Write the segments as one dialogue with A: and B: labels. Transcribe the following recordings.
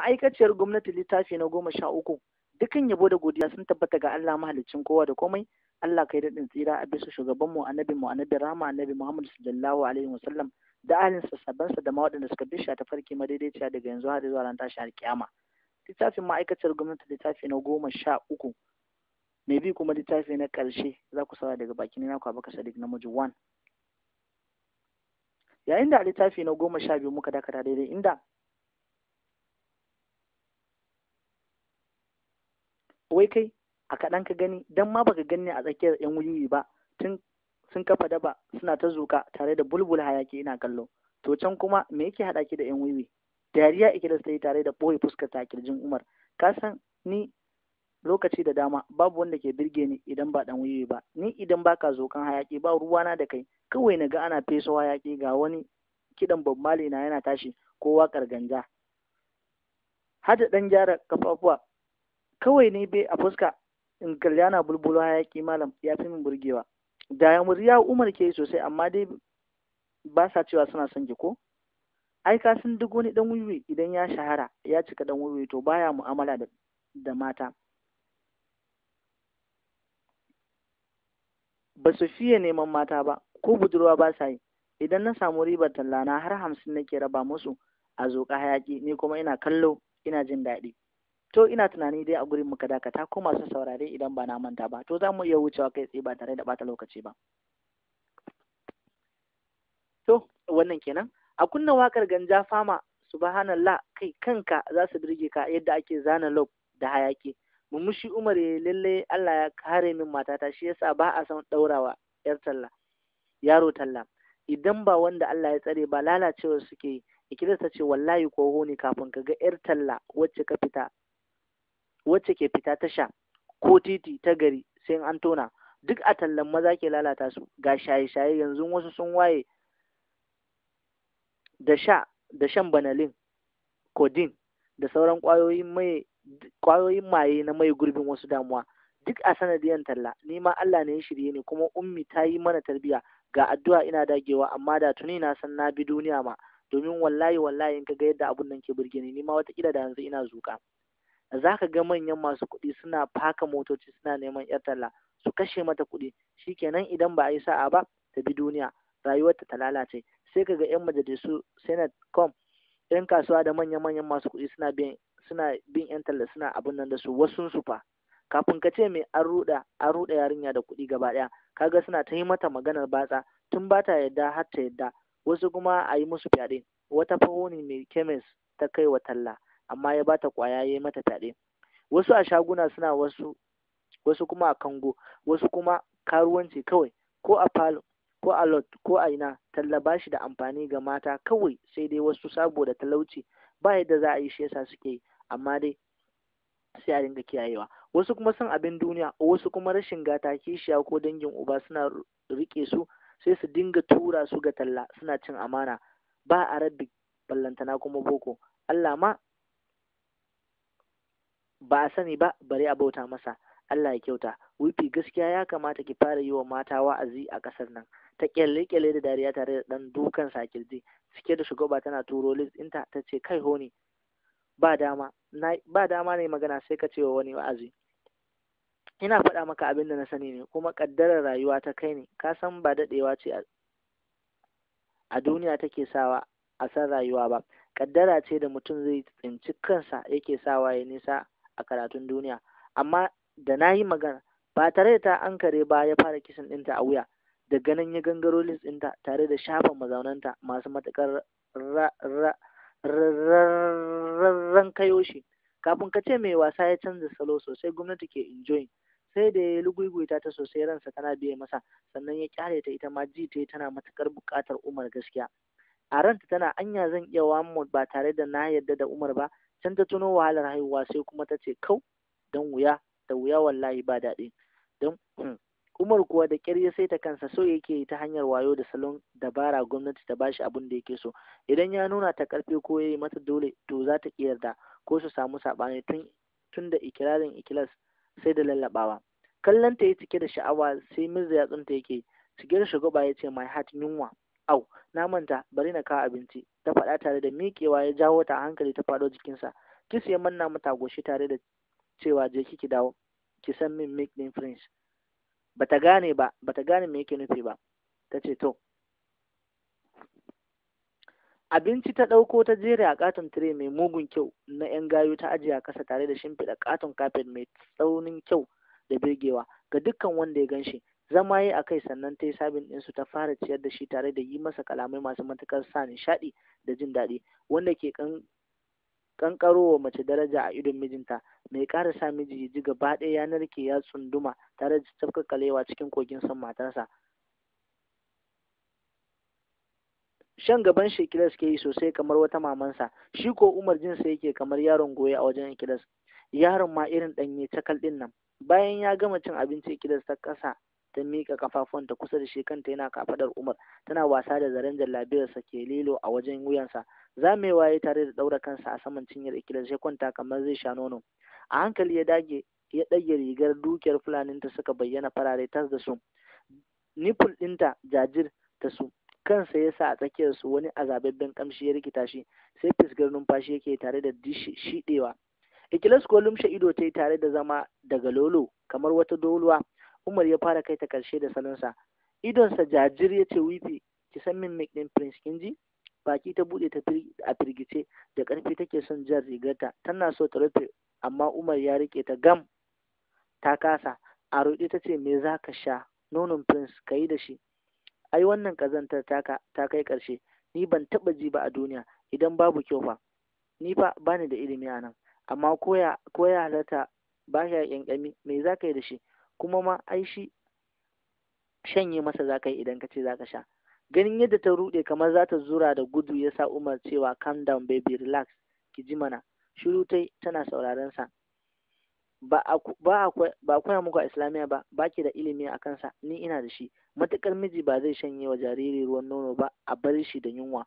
A: ma'aikaciyar gwamnati littafi na goma sha uku dukan yabo da godiya sun tabbata ga Allah mahaliccin kowa da komai Allah kai daɗin tsira a bisa shugaban mu annabi mu annabi rama annabi Muhammad sallallahu alaihi wasallam da ahlin sa da ma waɗanda suka tafarki ta farki madaidaiciya daga yanzu har zuwa ran a alkiyama littafin ma'aikaciyar gwamnati littafi na goma sha uku mai bi kuma littafi na ƙarshe za ku saura daga bakin a baka sadiq namiji one yayin da a littafi na goma sha biyu muka dakata daidai inda wai kai a kaɗan ka gani dan ma baka gani a tsakiyar yan wuyuyi ba tun sun kafa daba suna ta zuka tare da bulbul hayaki ina kallo to can kuma me yake haɗa ki da yan wiwi dariya ikilas ta yi tare da ɓoye fuskar ta kirjin umar ka san ni lokaci da dama babu wanda ke birge ni idan ba dan wiwi ba ni idan baka zokan hayaki ba ruwana da kai kawai na ga ana fesa hayaki ga wani kidan bob na yana tashi ko waƙar ganja hada ɗan gyara kafafuwa kawai ne bai a fuska in galyana bulbulu hayaki malam ya fi min burgewa da ya murya umar ke sosai amma dai ba sa cewa suna son ki ko ai ka sun duk wani dan wiwi idan ya shahara ya cika dan wiwi to baya mu'amala da mata ba su fiye neman mata ba ko budurwa ba sa yi idan na samu ribar tallana har hamsin nake raba musu a zoka hayaki ni kuma ina kallo ina jin daɗi to ina tunani dai a gurin muka dakata ko masu saurare idan ba na manta ba to za mu iya wucewa kai tsaye ba tare da bata lokaci ba to wannan kenan a kunna wakar ganja fama subhanallah kai kanka za su birge ka yadda ake zana lob da hayaki mumushi umar ya lalle Allah ya kare min matata shi yasa ba a son daurawa yar talla yaro talla idan ba wanda Allah ya tsare ba lalacewa suke yi ikira ta ce wallahi ko ne kafin ka ga yar talla wacce ka fita wacce ke fita tasha ko titi ta gari sai an tona duk a tallan maza ke lalata su ga shaye-shaye yanzu wasu sun waye da sha da shan banalin codeine da sauran ƙwayoyin maye na mai gurbin wasu damuwa duk a sanadiyan talla ni ma Allah ne ya shirye ni kuma ummi ta yi mana tarbiya ga addu'a ina dagewa amma da tuni na san na bi duniya ma domin wallahi wallahi in ka ga yadda abun nan ke burge ni ni ma wata kila da yanzu ina zuka za ka ga manyan masu kuɗi suna faka motoci suna neman yar talla su kashe mata kuɗi shi shikenan idan ba a yi sa'a ba ta bi duniya rayuwarta ta lalace sai ka ga 'yan majalisu senate com 'yan kasuwa da manya-manyan masu kuɗi suna bin suna bin 'yan talla suna abin nan da su wasun su fa kafin ka ce mai an ruɗa an ruɗa yarinya da kuɗi gaba ɗaya kaga suna ta yi mata maganar batsa tun ba ta yadda har ta yadda wasu kuma a yi musu fyaɗe wata fahoni mai kemis ta kai wa talla amma ya bata kwaya ya mata taɗe wasu a shaguna suna wasu wasu kuma a kango wasu kuma karuwanci kawai ko a falo ko a lot ko a ina talla ba shi da amfani ga mata kawai sai dai wasu saboda talauci ba yadda za a yi shi yasa suke yi amma dai sai a dinga kiyayewa wasu kuma son abin duniya wasu kuma rashin gata kishiya ko dangin uba suna rike su sai su dinga tura su ga talla suna cin amana ba a rabbi ballantana kuma boko Allah ma ba a sani ba bari a bauta masa Allah ya kyauta wifi gaskiya ya kamata ki fara yi wa mata wa'azi a ƙasar nan ta kyalle-kyalle da dariya tare da ɗan dukan sakilji cike da shugaba tana turo list ɗinta ta ce kai honi ba dama ba dama ne magana sai ka ce wa wani wa'azi ina faɗa maka abin da na sani ne kuma ƙaddarar rayuwa ta kai ne ka san ba daɗewa ce a duniya take sawa a san rayuwa ba ƙaddara ce da mutum zai tsinci kansa yake sawa ya nisa a karatun duniya amma da na yi magana ba tare da ta ankare ba ya fara kisan ɗinta a wuya da ganin ya gangaro lis ɗinta tare da shafa mazaunanta masu matuƙar rarran kayo shi kafin ka ce mai wasa ya canza salo sosai gwamnati ke injoyin sai da ya luguguita ta sosai ransa tana biye masa sannan ya kyale ta ita ma ji ta tana matuƙar buƙatar umar gaskiya a ranta tana anya zan iya wa ba tare da na yarda da umar ba san ta tuno wahalar haihuwa sai kuma ta ce kau don wuya da wuya wallahi ba daɗi don umar kuwa da ƙyar ya saita kansa so yake ta hanyar wayo da salon dabara gwamnati ta bashi abin da yake so idan ya nuna ta ƙarfi ko ya yi mata dole to za ta ƙi yarda ko su samu saɓani tun tun da ikirarin ikilas sai da lallaɓawa kallon ta yi cike da sha'awa sai mirza yatsunta yake cike shugaba ya ce my heart yunwa Au, na manta, bari na kawo abinci, ta faɗa tare da miƙewa ya jawo ta a hankali ta faɗo jikinsa. Kis ya manna mata goshi tare da cewa je ki dawo, ki san min make din French. Bata gane ba, bata gane me yake nufi ba. Ta ce to. Abinci ta ɗauko ta jere a katon tire mai mugun kyau na ‘yan gayu ta ajiye a kasa tare da shimfiɗa katon kafet mai tsaunin kyau da birgewa ga dukkan wanda ya gan zama yi a kai sannan ta yi sabin ɗinsu ta fara ciyar da shi tare da yi masa kalamai masu matuƙar sa nishaɗi da jin daɗi wanda ke kankaro wa mace daraja a idon mijinta mai ƙara sa miji ya ji gaba ɗaya ya narke ya tsunduma tare da tafka kalewa cikin kogin son matarsa shan gaban shi suke yi sosai kamar wata mamansa shi ko umar jinsa yake kamar yaron goye a wajen ikilas yaron ma irin ɗanye cakal ɗin nan bayan ya gama cin abinci ikilas ta ƙasa ta miƙa kafafuwanta kusa da shi kanta yana kafadar Umar tana wasa da zaren jallabiyarsa ke lilo a wajen wuyansa mai waye tare da ɗaura kansa a saman cinyar ikilar sai kwanta kamar zai sha nono a hankali ya dage ya ɗage rigar dukiyar ta suka bayyana farare tas da su nipul ɗinta jajir ta su kansa ya sa a tsakiyar su wani azababben kamshi ya rikita shi sai fisgar numfashi yake tare da shiɗewa ikilas ko lumshe ido ta yi tare da zama daga lolo kamar wata doluwa Umar ya fara kai ta karshe da salonsa idonsa jajir ya ce wifi ki san min make din prince kinji? baki ta buɗe ta a firgice da karfi take son jan rigarta tana so ta rufe amma Umar ya rike ta gam ta kasa a roɗe ta ce me za ka sha nonon prince ka yi da shi ai wannan kazantar ta kai ƙarshe ni ban taɓa ji ba a duniya idan babu kyau fa ni fa bani da ilimi a nan amma koya koya halarta ba ya ƙyanƙyami me za ka yi da shi kuma ma ai shi shanye masa za ka yi idan ka ce za ka sha ganin yadda ta ruɗe kamar za ta zura da gudu ya sa umar cewa calm down baby relax ki ji mana shiru ta tana sauraron sa ba a koya muku a islamiyya ba ba ki da ilimi a kansa ni ina da shi Matukar miji ba zai shanye wa jariri ruwan nono ba a bar shi da yunwa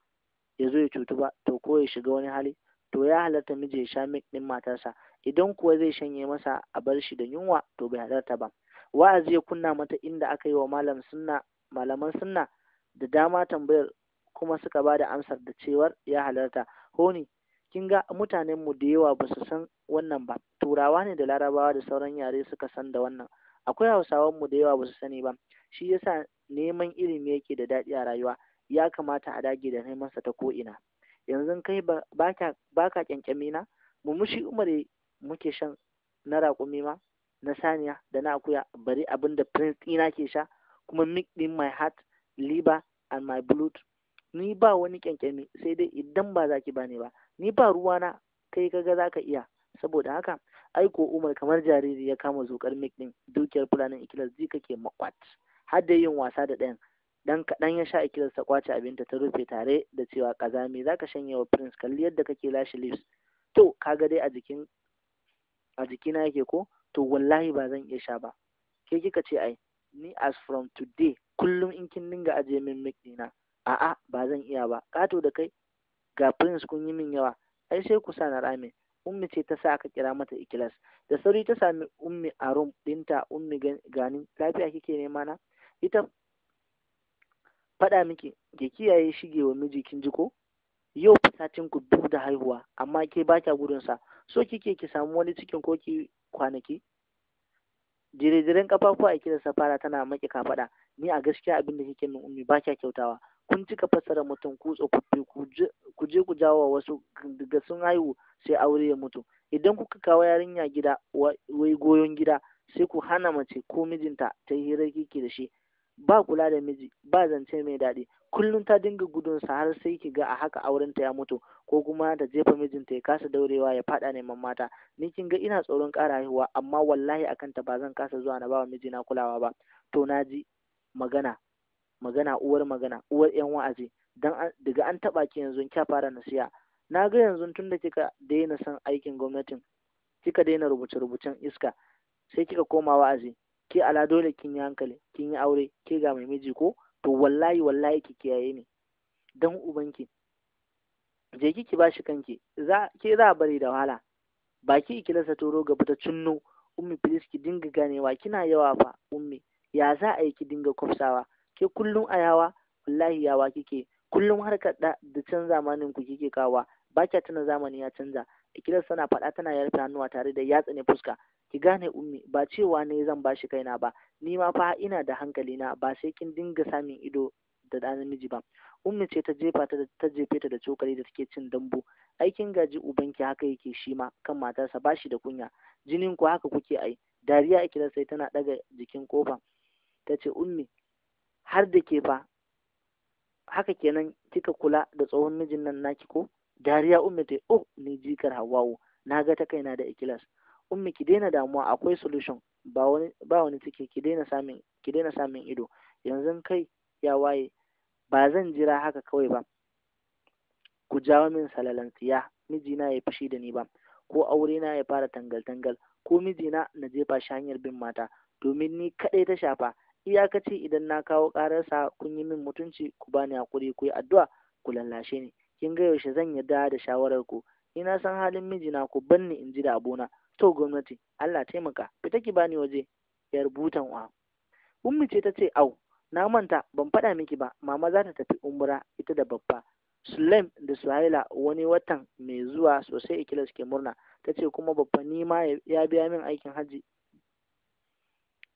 A: ya zo ya cutu ba to ko ya shiga wani hali to ya halarta miji ya sha mik ɗin matarsa idan kuwa zai shanye masa a bar shi da yunwa to bai halarta ba wa'azi ya kunna mata inda aka yi wa malam sunna malaman sunna da dama tambayar kuma suka ba da amsar da cewar ya halarta honi kin ga mutanen mu da yawa ba su san wannan ba turawa ne da larabawa da sauran yare suka san da wannan akwai hausawan mu da yawa ba su sani ba shi yasa neman ilimi yake da daɗi a rayuwa ya kamata a dage da neman sa ta ko ina yanzu kai ba ka kyankyami na mushi umar muke shan na raƙumi ma na saniya da na akuya bari abin da prince ɗina ke sha kuma mix in my heart liver and my blood ni ba wani kyankyami sai dai idan ba za ki bani ba ni ba na, kai kaga za ka iya saboda haka aiko umar kamar jariri ya kama zokar mix din dukiyar fulanin ikilas ji kake makwat har da yin wasa da ɗayan dan kaɗan ya sha ikilas ta kwace abinta ta rufe tare da cewa ƙazami za ka shanye wa prince kalli yadda kake lashe leaves to kaga dai a jikin a jikina yake ko to wallahi ba zan iya sha ba ke kika ce ai ni as from today kullum in kin dinga aje min dina a'a ba zan iya ba kato da kai ga prince kun yi min yawa ai sai ku sa na rame ummi ce ta sa aka kira mata ikilas da sauri ta sami ummi a room dinta ummi gani lafiya kike nema na ita faɗa miki Ke kiyaye shige wa miji kin ji ko yau fasatin ku duk da haihuwa amma ke ba kya gudun sa so kike ki samu wani cikin ko ki kwanaki jire-jiren a kiran safara tana maki kafaɗa ni a gaskiya abin da kike min ummi ba kya kyautawa kun cika fassara mutum ku tsofaffi ku je ku jawo wasu daga sun haihu sai aure ya mutu idan kuka kawo yarinya gida wai goyon gida sai ku hana mace ko mijinta ta hirar kiki da shi ba kula da miji ba zance mai daɗi kullum ta dinga gudun sa har sai ki ga a haka auren ta ya mutu ko kuma ta jefa mijinta ya kasa daurewa ya fada neman mata ni kin ga ina tsoron ƙara haihuwa amma wallahi akan ta ba zan kasa zuwa na bawa mijina kulawa ba to naji magana magana uwar magana uwar yan wa'azi dan daga an taba ki yanzu kya fara nasiya na ga yanzu tun da kika daina son aikin gwamnatin kika daina rubuce-rubucen iska sai kika koma wa'azi Ki ala dole kin yi hankali kin yi aure ke ga mai miji ko to wallahi wallahi ki kiyaye ni dan ubanki je ki ki bashi kanki za ke za a bari da wahala ba ki lasa toro gaba ta cinno ummi please ki dinga ganewa kina yawa fa ummi ya za a yi ki dinga kwafsawa ke kullum a yawa wallahi yawa kike kullum har da da can zamanin ku kike kawa ba kya tuna zamani ya canza ikilar sana faɗa tana yarfe hannuwa tare da yatsa ne fuska ki gane ummi ba cewa ne zan bashi kaina ba ni ma fa ina da hankali na ba sai kin dinga samun ido da ɗan namiji ba ummi ce ta jefa ta ta jefe ta da cokali da take cin dambu aikin gaji ubanki haka yake shi ma kan matarsa ba shi da kunya jinin ku haka kuke ai dariya ikilar sai tana daga jikin kofa ta ce ummi har da ke fa haka kenan kika kula da tsohon mijin nan naki ko dariya ummi ta oh ni jikar hawawu na ga ta kaina da ikilas ummi ki daina damuwa akwai solution ba wani ba wani ciki ki daina samun ki daina samun ido yanzu kai ya waye ba zan jira haka kawai ba ku jawo min salalan tsiya mijina ya fushi da ni ba ko aure na ya fara tangal tangal ko mijina na jefa shi hanyar bin mata domin ni kaɗai ta shafa iyakaci idan na kawo ƙararsa kun yi min mutunci ku bani hakuri ku yi addu'a ku lallashe ni kin ga yaushe zan yarda da shawarar ku ina san halin mijina ku banni in ji da abona to gwamnati Allah taimaka fita ki bani waje yar butan wa ummi ce ta ce au na manta ban faɗa miki ba mama za ta tafi umra ita da babba Sulaim da Suhaila wani watan mai zuwa sosai ikila ke murna ta ce kuma babba ni ma ya biya min aikin hajji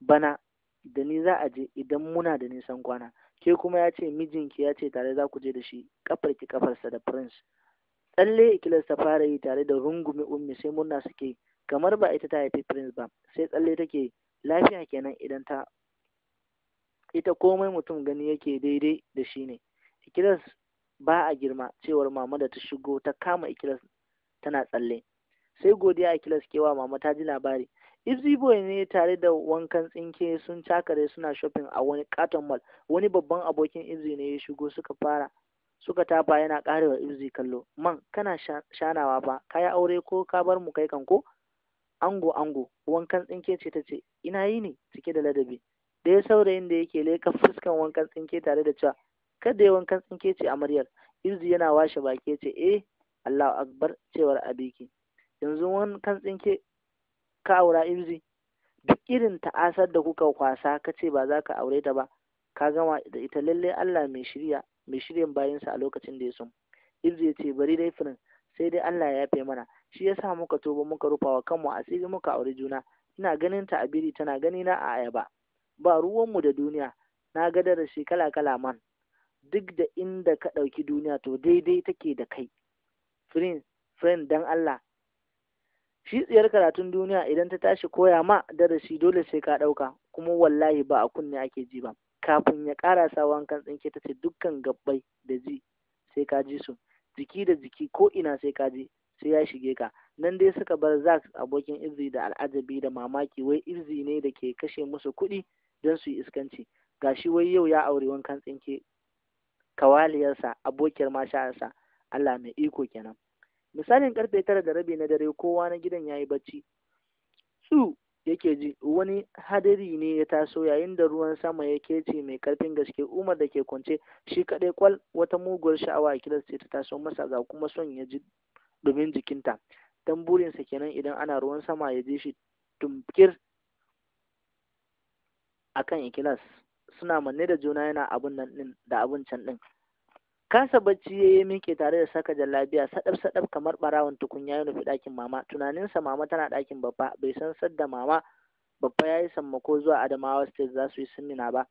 A: bana da ni za a je idan muna da nisan kwana ke kuma ya ce mijinki ya ce tare za ku je da shi kafarki kafarsa da prince tsalle ikilas ta fara yi tare da rungume ummi sai murna suke kamar ba ita ta haifi prince ba sai tsalle take lafiya kenan idan ta ita komai mutum gani yake daidai da shi ne ikilas ba a girma cewar mama da ta shigo ta kama ikilas tana tsalle sai godiya ikilas kewa mama ta ji labari Izzy Boy ne tare da wankan tsinke sun cakare suna shopping a wani katon mall. Wani babban abokin Izzy ne ya shigo suka fara suka tafa yana karewa Izzy kallo. Man kana shanawa ka kayi aure ko ka bar mu kai kan ko? ango ango wankan tsinke ce ta ce ina yi ne cike da ladabi da ya saurayin da yake leka fuskan wankan tsinke tare da cewa kada ya wankan tsinke ce amaryar irzi yana washe baki ce eh Allahu akbar cewar abiki yanzu wankan tsinke ka aura irzi duk irin ta'asar da kuka kwasa kace ba za ka aure ta ba ka gama da ita lallai Allah mai shirya mai shiryan bayansa a lokacin da ya so irzi ya ce bari dai firin sai dai Allah ya yafe mana shi ya sa muka tuba muka rufa wa kanmu asiri muka auri juna ina ganin ta a biri tana gani na a ayaba ba ruwanmu da duniya na ga darasi kala kala man duk da inda ka ɗauki duniya to daidai take da kai friend friend dan Allah shi tsiyar karatun duniya idan ta tashi koya ma darasi dole sai ka ɗauka kuma wallahi ba a kunne ake ji ba kafin ya ƙara sa wankan tsinke ta ce dukkan gabbai da ji sai ka ji su jiki da jiki ko ina sai ka ji sai ya shige ka nan dai suka bar zax abokin izzi da al'ajabi da mamaki wai izzi ne da ke kashe musu kuɗi don su yi iskanci gashi wai yau ya aure wankan tsinke kawaliyarsa abokiyar mashayarsa Allah mai iko kenan misalin karfe tara da rabi na dare kowa na gidan ya yi bacci su yake ji wani hadari ne ya taso yayin da ruwan sama ya kece mai karfin gaske umar da ke kwance shi kaɗai kwal wata muguwar sha'awa a kilas ta taso masa ga kuma son ya ji domin jikinta dan burinsa kenan idan ana ruwan sama ya je shi tumkir kan ikilas suna manne da juna yana abun nan din da abun can din kasa bacci ya yi miƙe tare da saka jallabiya sadab sadab kamar barawon tukunya ya nufi ɗakin mama tunaninsa mama tana ɗakin babba bai san sadda mama babba ya yi sammako zuwa adamawa state za su yi sinina ba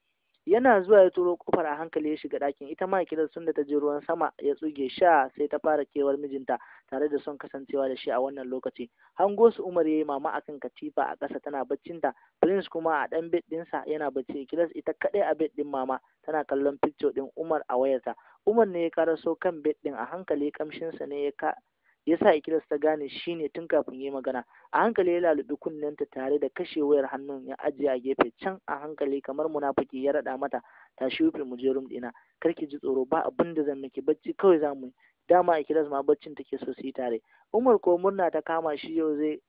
A: yana zuwa ya turo kofar a hankali ya shiga ɗakin ita ma kirar sun da ta je ruwan sama ya tsuge sha sai ta fara kewar mijinta tare da son kasancewa da shi a wannan lokaci hango su umar yayi mama akan katifa a ƙasa tana baccinta prince kuma a dan bed ɗinsa yana bacci kilas ita kaɗai a bed ɗin mama tana kallon picture ɗin umar a wayarta umar ne ya karaso kan bed ɗin a hankali kamshinsa ne ya ka yasa ikilas ta gane shi ne tun kafin yi magana a hankali ya lalubi kunnenta tare da kashe wayar hannun ya ajiye a gefe can a hankali kamar munafiki ya raɗa mata tashi wufin mu je rum ɗina karki ji tsoro ba abin da zan miki bacci kawai za mu yi dama ikilas ma baccin take so su yi tare umar ko murna ta kama shi yau zai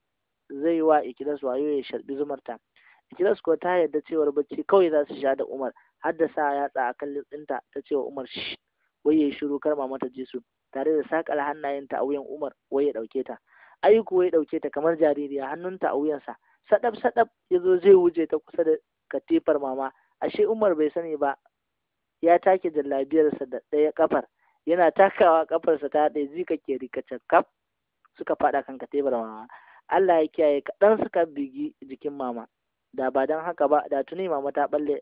A: zai wa ikilas wayo ya sharbi zumarta ikilas ko ta yarda cewar bacci kawai za su sha da umar har da sa yatsa a kan litsinta ta cewa umar shi wai ya yi shiru kar mama ji su tare da sakala hannayenta a wuyan Umar wai ya ɗauke ta ai wai ya ɗauke ta kamar jaririya hannunta a wuyansa sadab sadab ya zo zai wuce ta kusa da katifar mama ashe Umar bai sani ba ya take jallabiyarsa da ɗaya kafar yana takawa kafarsa ta ɗaya zika ke rikacin kaf suka faɗa kan katifar mama Allah ya kiyaye kaɗan suka bigi jikin mama da ba don haka ba da tuni mama ta balle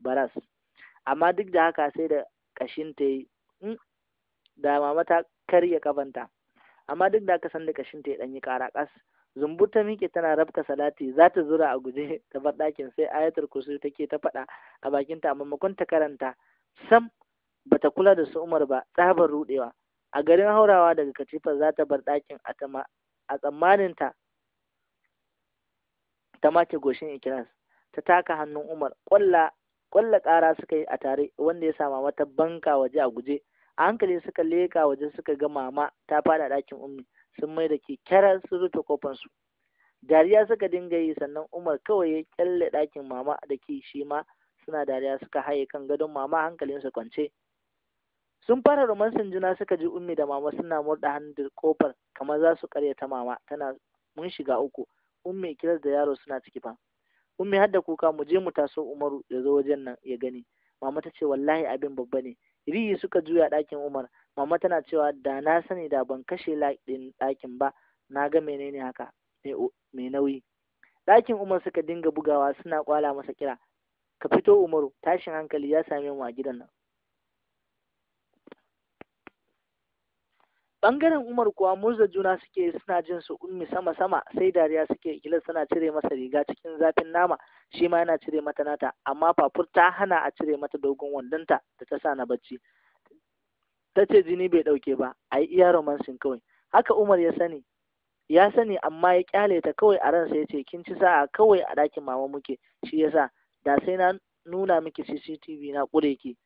A: baras amma duk da haka sai da kashin ta yi mm, da mama ta karya kafanta amma duk da aka san da kashin ta ya danyi kara kas zumbu ta miƙe tana rabka salati za ta zura a guje ta bar ɗakin sai ayatul kursi take ta faɗa a bakinta a makon ta karanta sam bata kula da su umar ba tsabar rudewa a garin haurawa daga katifar za ta bar ɗakin a tsammanin ta ta make goshin ikilas ta taka hannun umar ƙwalla kara suka yi a tare wanda ya sama mata banka waje a guje a hankali suka leka waje suka ga mama ta fada ɗakin ummi sun mai da ke kyakkyara sun rufe kofar su dariya suka dinga yi sannan umar kawai ya kyalle ɗakin mama da ke shi ma suna dariya suka haye kan gadon mama a su kwance sun fara romansin juna suka ji ummi da mama suna murda hannun kofar kamar za su ƙaryata mama tana mun shiga uku ummi kiras da yaro suna ciki fa ummi har da kuka mu je mu taso umaru ya zo wajen nan ya gani mama ta ce wallahi abin babba ne riyi suka juya ɗakin umar mama tana cewa da na sani da ban kashe ɗin ɗakin ba na ga menene haka mai nauyi ɗakin umar suka dinga bugawa suna kwala masa kira ka fito umaru tashin hankali ya same mu a gidan nan Bangaren Umar kuwa murza juna suke suna jin su ummi sama sama sai dariya suke ikilar suna cire masa riga cikin zafin nama shi ma yana cire mata nata amma fafur ta hana a cire mata dogon wandonta da ta sa na bacci. Ta ce jini bai ɗauke ba a yi iya romansin kawai. Haka Umar ya sani ya sani amma ya kyale ta kawai a ransa ya ce kin ci sa'a kawai a ɗakin mama muke shi yasa da sai na nuna miki CCTV na kure ki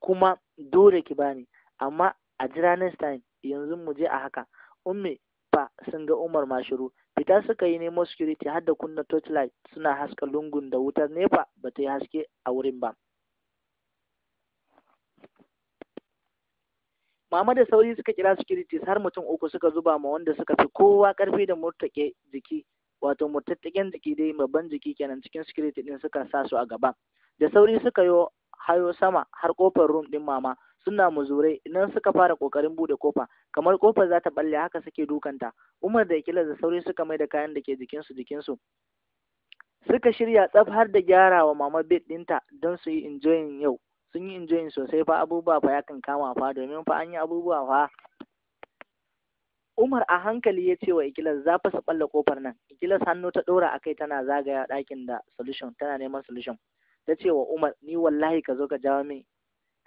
A: kuma dole ki bani amma a jira next yanzu mu je a haka ummi fa sun ga umar ma fita suka yi nemo security har da kunna torchlight suna haska lungun da wutar nefa ba ta yi haske a wurin ba Mama da sauri suka kira security har mutum uku suka zuba ma wanda suka fi kowa karfi da murtake jiki wato murtattaken jiki dai babban jiki kenan cikin security din suka sa su a gaba da sauri suka yo hayo sama har kofar room din mama suna muzurai nan suka fara kokarin bude kofa kamar kofar za ta balle haka suke dukanta umar da ikilas da sauri suka mai da kayan da ke jikinsu jikinsu suka shirya tsaf har da gyara wa mama bed dinta don su yi enjoying yau sun yi enjoying sosai fa abubuwa fa ya kan kama fa domin fa an yi abubuwa fa Umar a hankali ya ce wa Ikilas za fa su balla kofar nan. Ikilas hannu ta ɗora a kai tana zagaya dakin da solution tana neman solution. Ta ce wa Umar ni wallahi ka zo ka jawo min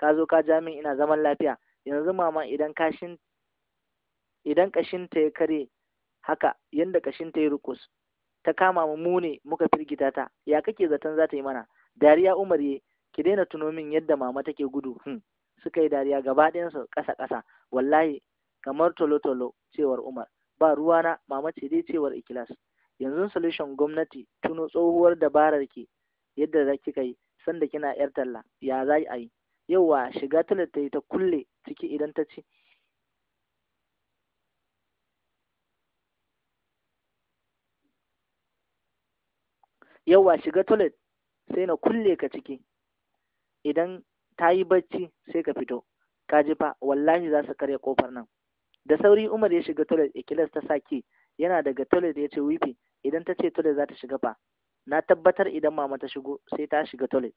A: ka zo ka ja min ina zaman lafiya yanzu mama idan kashin idan ta ya kare haka yanda ta ya rukus ta kama mu mune muka firgita ta ya kake zaton za ta yi mana dariya umar ye ki daina tuno min yadda mama take gudu hmm. suka yi dariya gaba ɗayansu ƙasa ƙasa wallahi kamar tolo-tolo cewar umar ba ruwana mama ce dai cewar ikilas yanzu solution gwamnati tuno tsohuwar dabarar ki yadda za kika yi sanda kina yar talla ya za a yi yawa shiga talar ta yi ta kulle ciki idan ta ci yawa shiga toilet sai na kulle ka ciki idan ta yi bacci sai ka fito ka ji fa wallahi za su karya kofar nan da sauri umar ya shiga toilet ikilas ta saki yana daga toilet ya ce wifi idan ta ce toilet za ta shiga fa na tabbatar idan mama ta shigo sai ta shiga toilet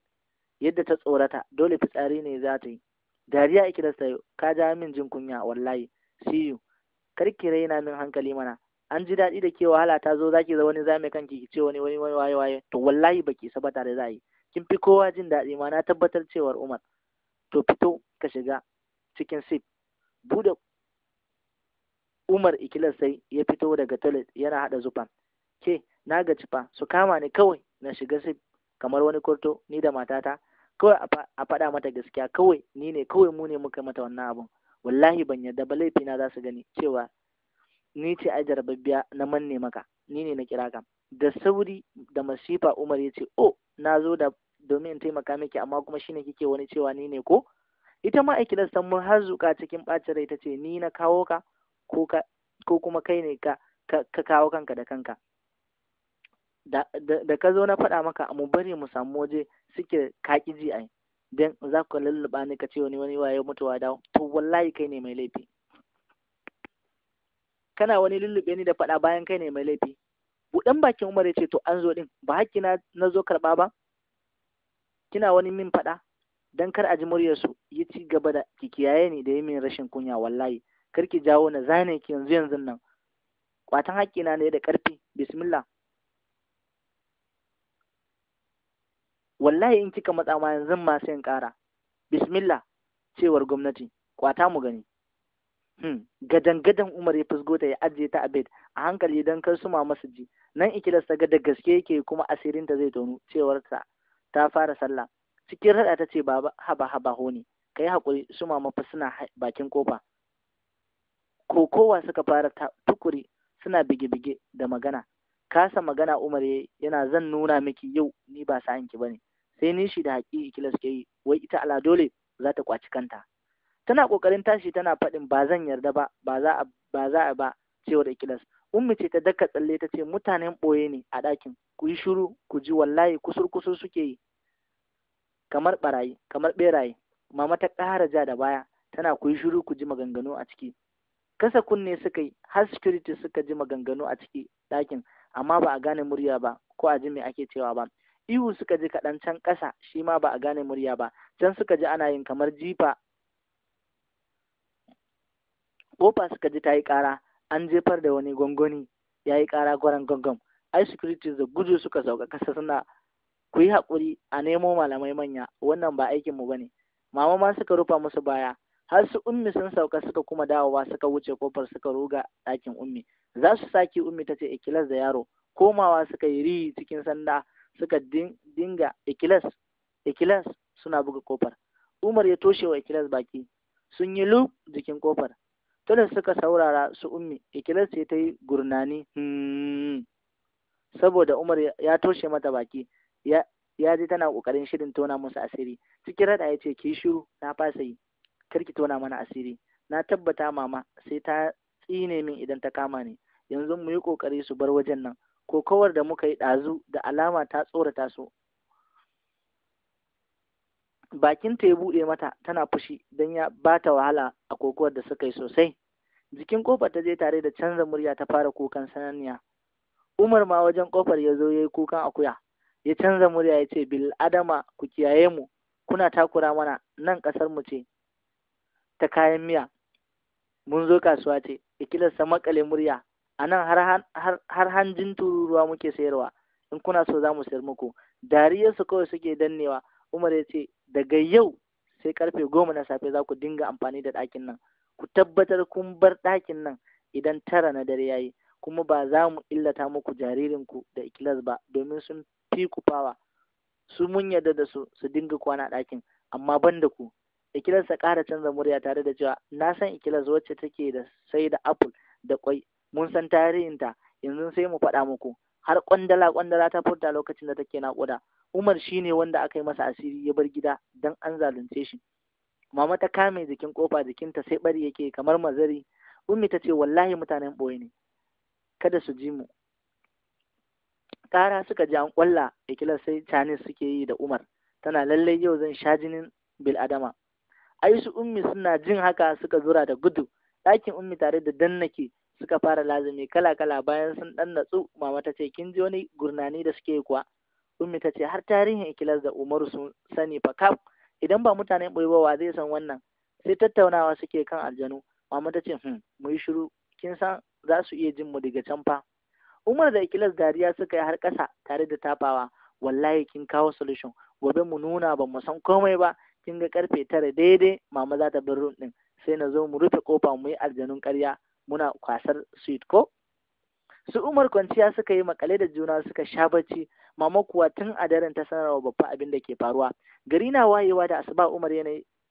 A: yadda ta tsorata dole fitsari ne za ta yi dariya ikilas sayo ka ja min jin kunya wallahi see you kar ki raina min hankali mana an ji daɗi da ke wahala ta zo zaki za wani zame kanki ki ce wani wani wani waye waye to wallahi baki isa ba tare za yi kin fi kowa jin daɗi ma na tabbatar cewar Umar to fito ka shiga cikin sip bude Umar ikilas sai ya fito daga toilet yana hada zufa ke na gaci fa su kama ni kawai na shiga sip kamar wani kurto ni da matata kawai a faɗa mata gaskiya kawai ni ne kawai mu ne muka mata wannan abun wallahi ban yarda ba laifina za su gani cewa ni ce ai jarababbiya na manne maka ni ne na kira ka da sauri da masifa umar ya ce o oh, na zo da domin in taimaka miki amma kuma shine kike wani cewa ni ne ko ita ma aiki mun har zuka cikin ɓacin rai ta ce ni na kawo ka ko kuma kai ne ka ka kawo kanka da kanka da ka zo na faɗa maka mu bari mu samu waje suke kaki ji ai dan za ku lulluɓa ni ka ce wani wani waye mutuwa dawo to wallahi kai ne mai laifi kana wani lullube ni da faɗa bayan kai ne mai laifi buɗan bakin umar ya ce to an zo ɗin ba haƙƙi na zo karɓa ba kina wani min faɗa dan kar a ji muryarsu ya ci gaba da ki kiyaye ni da yi min rashin kunya wallahi kar ki jawo na zane ki yanzu yanzu nan kwatan na ne da ƙarfi bismillah wallahi in kika matsa ma yanzu ma sai in ƙara bismillah cewar gwamnati kwata mu gani hmm. gadan gadan umar ya fusgo ta ya ajiye ta a bed a hankali don kar su ma masu ji nan ikilasta ga da gaske yake kuma asirinta zai tonu cewar ta ta fara sallah cikin rada ta ce baba haba haba ne, kai hakuri su ma suna bakin kofa kowa suka fara tukuri suna bige-bige da magana kasa magana Umar yana zan nuna miki yau ni ba sa'an ki bane sai nishi da haƙi kilas suke yi wai ita ala dole za ta kwaci kanta tana kokarin tashi tana faɗin ba zan yarda ba ba za a ba za a ba cewar ikilas ummi ce ta daka tsalle ta ce mutanen boye ne a ɗakin ku yi shiru ku ji wallahi kusur kusur suke yi kamar barayi kamar beraye mama ta ƙara ja da baya tana ku yi shiru ku ji maganganu a ciki kasa kunne suka yi har security suka ji maganganu a ciki ɗakin amma ba a gane murya ba ko a ji me ake cewa ba ihu suka ji kaɗan can ƙasa shi ma ba a gane murya ba can suka ji ana yin kamar jifa ƙofa suka ji ta yi ƙara an jefar da wani gwangwani ya yi ƙara gwaran gwangwam ai security da gudu suka sauka ƙasa suna ku yi haƙuri a nemo malamai manya wannan ba aikinmu ba ne mama ma suka rufa musu baya har su ummi sun sauka suka kuma dawowa suka wuce kofar suka ruga ɗakin ummi za su sake ummi ta ce ikilas da yaro komawa suka yi riyi cikin sanda suka dinga ikilas ikilas suna buga kofar umar ya toshe wa ikilas baki sun yi lu jikin kofar tunda suka saurara su ummi ikilas sai ta yi gurnani hmm. saboda umar ya toshe mata baki ya ji tana kokarin shirin tona musu asiri cikin rada ya ce ki shiru na fasa yi karki tona mana asiri na tabbata mama sai ta tsine min idan ta kama ni yanzu mu yi ƙoƙari su bar wajen nan ko da muka yi ɗazu da alama ta tsorata su ta ya buɗe mata tana fushi don ya ba ta wahala a kokowar da suka yi sosai jikin kofar ta je tare da canza murya ta fara kukan sananniya umar ma wajen kofar ya zo ya yi kukan akuya ya canza murya ya ce bil adama ku kiyaye mu kuna takura mana nan ƙasar mu ce ta kayan miya mun zo kasuwa ce ikilarsa makale murya a nan har hanjin tururuwa muke sayarwa in kuna so za mu sayar muku dariyarsu kawai suke dannewa umar ya ce daga yau sai karfe goma na safe za ku dinga amfani da ɗakin nan ku tabbatar kun bar ɗakin nan idan tara na dare yayi kuma ba za mu illata muku jaririnku da ikilas ba domin sun fi ku fawa su mun yarda da su su dinga kwana ɗakin amma ban da ku ikilas ta ƙara canza murya tare da cewa na san ikilas wacce take da sai da apple da kwai mun san tarihinta yanzu sai mu faɗa muku har kwandala kwandala ta furta lokacin da take naƙuda Umar shine wanda aka yi masa asiri ya bar gida dan an zalunce shi mama ta kame jikin kofa jikinta sai bari yake kamar mazari ummi ta ce wallahi mutanen boye ne kada su ji mu kara suka ji an kwalla ikila sai canis suke yi da Umar tana lalle yau zan sha jinin bil adama ai su ummi suna jin haka suka zura da gudu ɗakin ummi tare da dannake suka fara lazumi kala-kala bayan sun ɗan natsu mama ta ce kin ji wani gurnani da suke kuwa ummi ta ce har tarihin ikilas da umaru sun sani fa kaf idan ba mutanen ɓoyewa zai san wannan sai tattaunawa suke kan aljanu mama ta ce hmm mu yi shiru kin san za su iya jin mu daga can fa umar da ikilas dariya suka yi har kasa tare da tafawa wallahi kin kawo solution gobe mu nuna ba mu san komai ba kin ga karfe tara daidai mama za ta bar room din sai na zo mu rufe kofa mu yi aljanun ƙarya muna kwasar sweet ko su umar kwanciya suka yi makale da juna suka sha bacci mama kuwa tun a daren ta sanarwa babba abin da ke faruwa gari na wayewa da asuba umar ya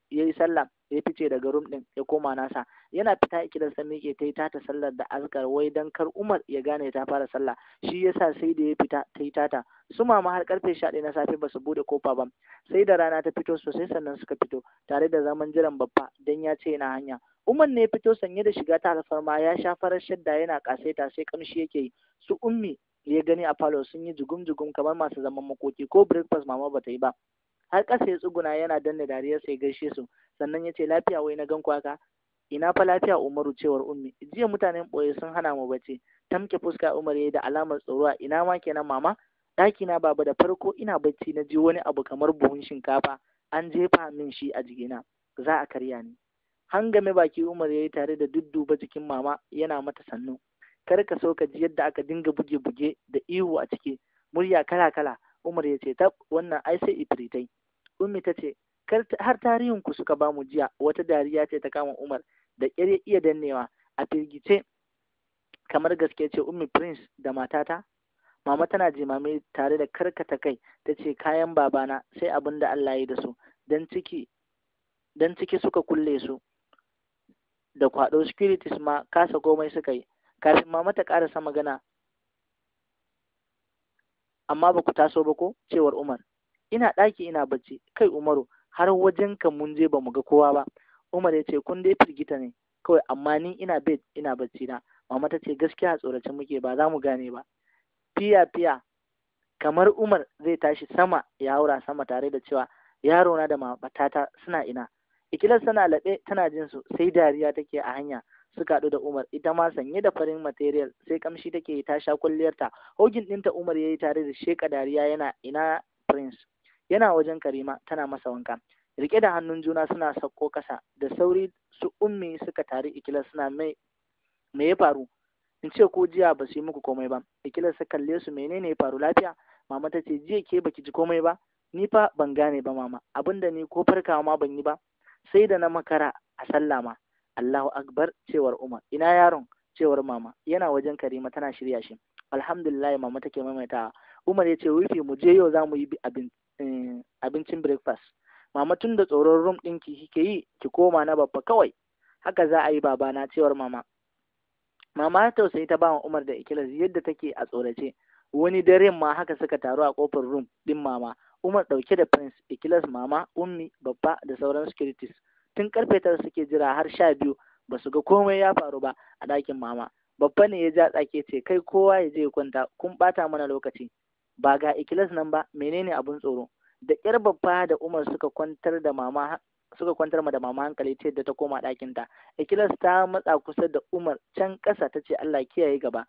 A: yi sallah ya fice daga rum din ya koma nasa yana fita ikidan san ke ta yi tata sallar da azkar wai dan kar umar ya gane ta fara sallah shi yasa sai da ya fita ta yi tata su mama har karfe sha ɗaya na safe ba su bude kofa ba sai da rana ta fito sosai sannan suka fito tare da zaman jiran babba dan ya ce na hanya Umar ne ya fito sanye da shiga ta alfarma ya sha farar shadda yana ta sai kamshi yake yi. Su ummi ya gani a falo sun yi jugum-jugum kamar masu zaman makoki ko breakfast mama bata yi ba. Har ƙasa ya tsuguna yana danne dariyar sai gaishe su sannan ya ce lafiya wai na gan kwaka. Ina fa lafiya Umaru cewar ummi. Jiya mutanen ɓoye sun hana mu bacci. Tamke fuska Umar ya da alamar tsoro a ina ma kenan mama. na baba da farko ina bacci na ji wani abu kamar buhun shinkafa an jefa min shi a jikina. Za a karya ni. hangame baki Umar ya yi tare da dudduba jikin mama yana mata sannu. Kar ka so ka ji yadda aka dinga buge-buge da ihu a ciki, murya kala-kala. Umar ya ce tab wannan ai sai ifritai. Ummi ta ce har tarihin ku suka mu jiya wata dariya ce ta kama Umar da ƙyar iya dannewa a firgice kamar gaske ce Ummi Prince da matata. Mama tana jimame tare da karkata kai ta ce kayan babana sai abin da Allah ya yi da su Dan ciki suka kulle su da kwado securities ma kasa komai suka yi kafin ma mata karasa magana amma ba ku taso ba ko cewar Umar ina ɗaki ina bacci kai Umaru har wajen ka mun je ba mu ga kowa ba Umar ya ce kun dai firgita ne kawai amma ni ina bed ina bacci na mama ta ce gaskiya tsoracin muke ba za mu gane ba fiya fiya kamar Umar zai tashi sama ya haura sama tare da cewa yaro na da matata suna ina ikilas tana laɓe tana jin su sai dariya take a hanya suka haɗu da Umar ita ma sanye da farin material sai kamshi take yi ta sha kulliyarta hogin ɗinta Umar ya yi tare da sheka dariya yana ina prince yana wajen Karima tana masa wanka rike da hannun juna suna sauko kasa da sauri su ummi suka tare ikilar suna mai me ya faru in ce ko jiya ba su yi muku komai ba ikilas ta kalle su menene ya faru lafiya mama ta ce jiya ke baki ji komai ba ni fa ban gane ba mama abinda ni ko farkawa ma ban yi ba sai da na makara a sallah ma Allahu akbar cewar Umar ina yaron cewar mama yana wajen Karima tana shirya shi alhamdulillah mama take maimaita Umar ya ce wifi mu je yau zamu yi eh, abincin breakfast mama tun da tsoron rum ki, kike yi ki koma na babba kawai haka za a yi babana cewar mama mama ta tausayi ta bawa Umar da Ikilas yadda take a tsorace wani daren ma haka suka taru a kofar rum ɗin mama Umar ɗauke da Prince, Ikilas Mama, Ummi, Babba da sauran securities. Tun karfe tara suke jira har sha biyu ba su ga komai ya faru ba a ɗakin Mama. Babba ne ya ja tsake ce kai kowa ya je ya kwanta kun bata mana lokaci. Ba ga Ikilas nan ba menene abin tsoro. Da ƙyar Babba da Umar suka kwantar da Mama suka kwantar ma da mama hankali ta yadda ta koma ta Ikilas ta matsa kusa da Umar can ƙasa ta ce Allah kiyaye gaba.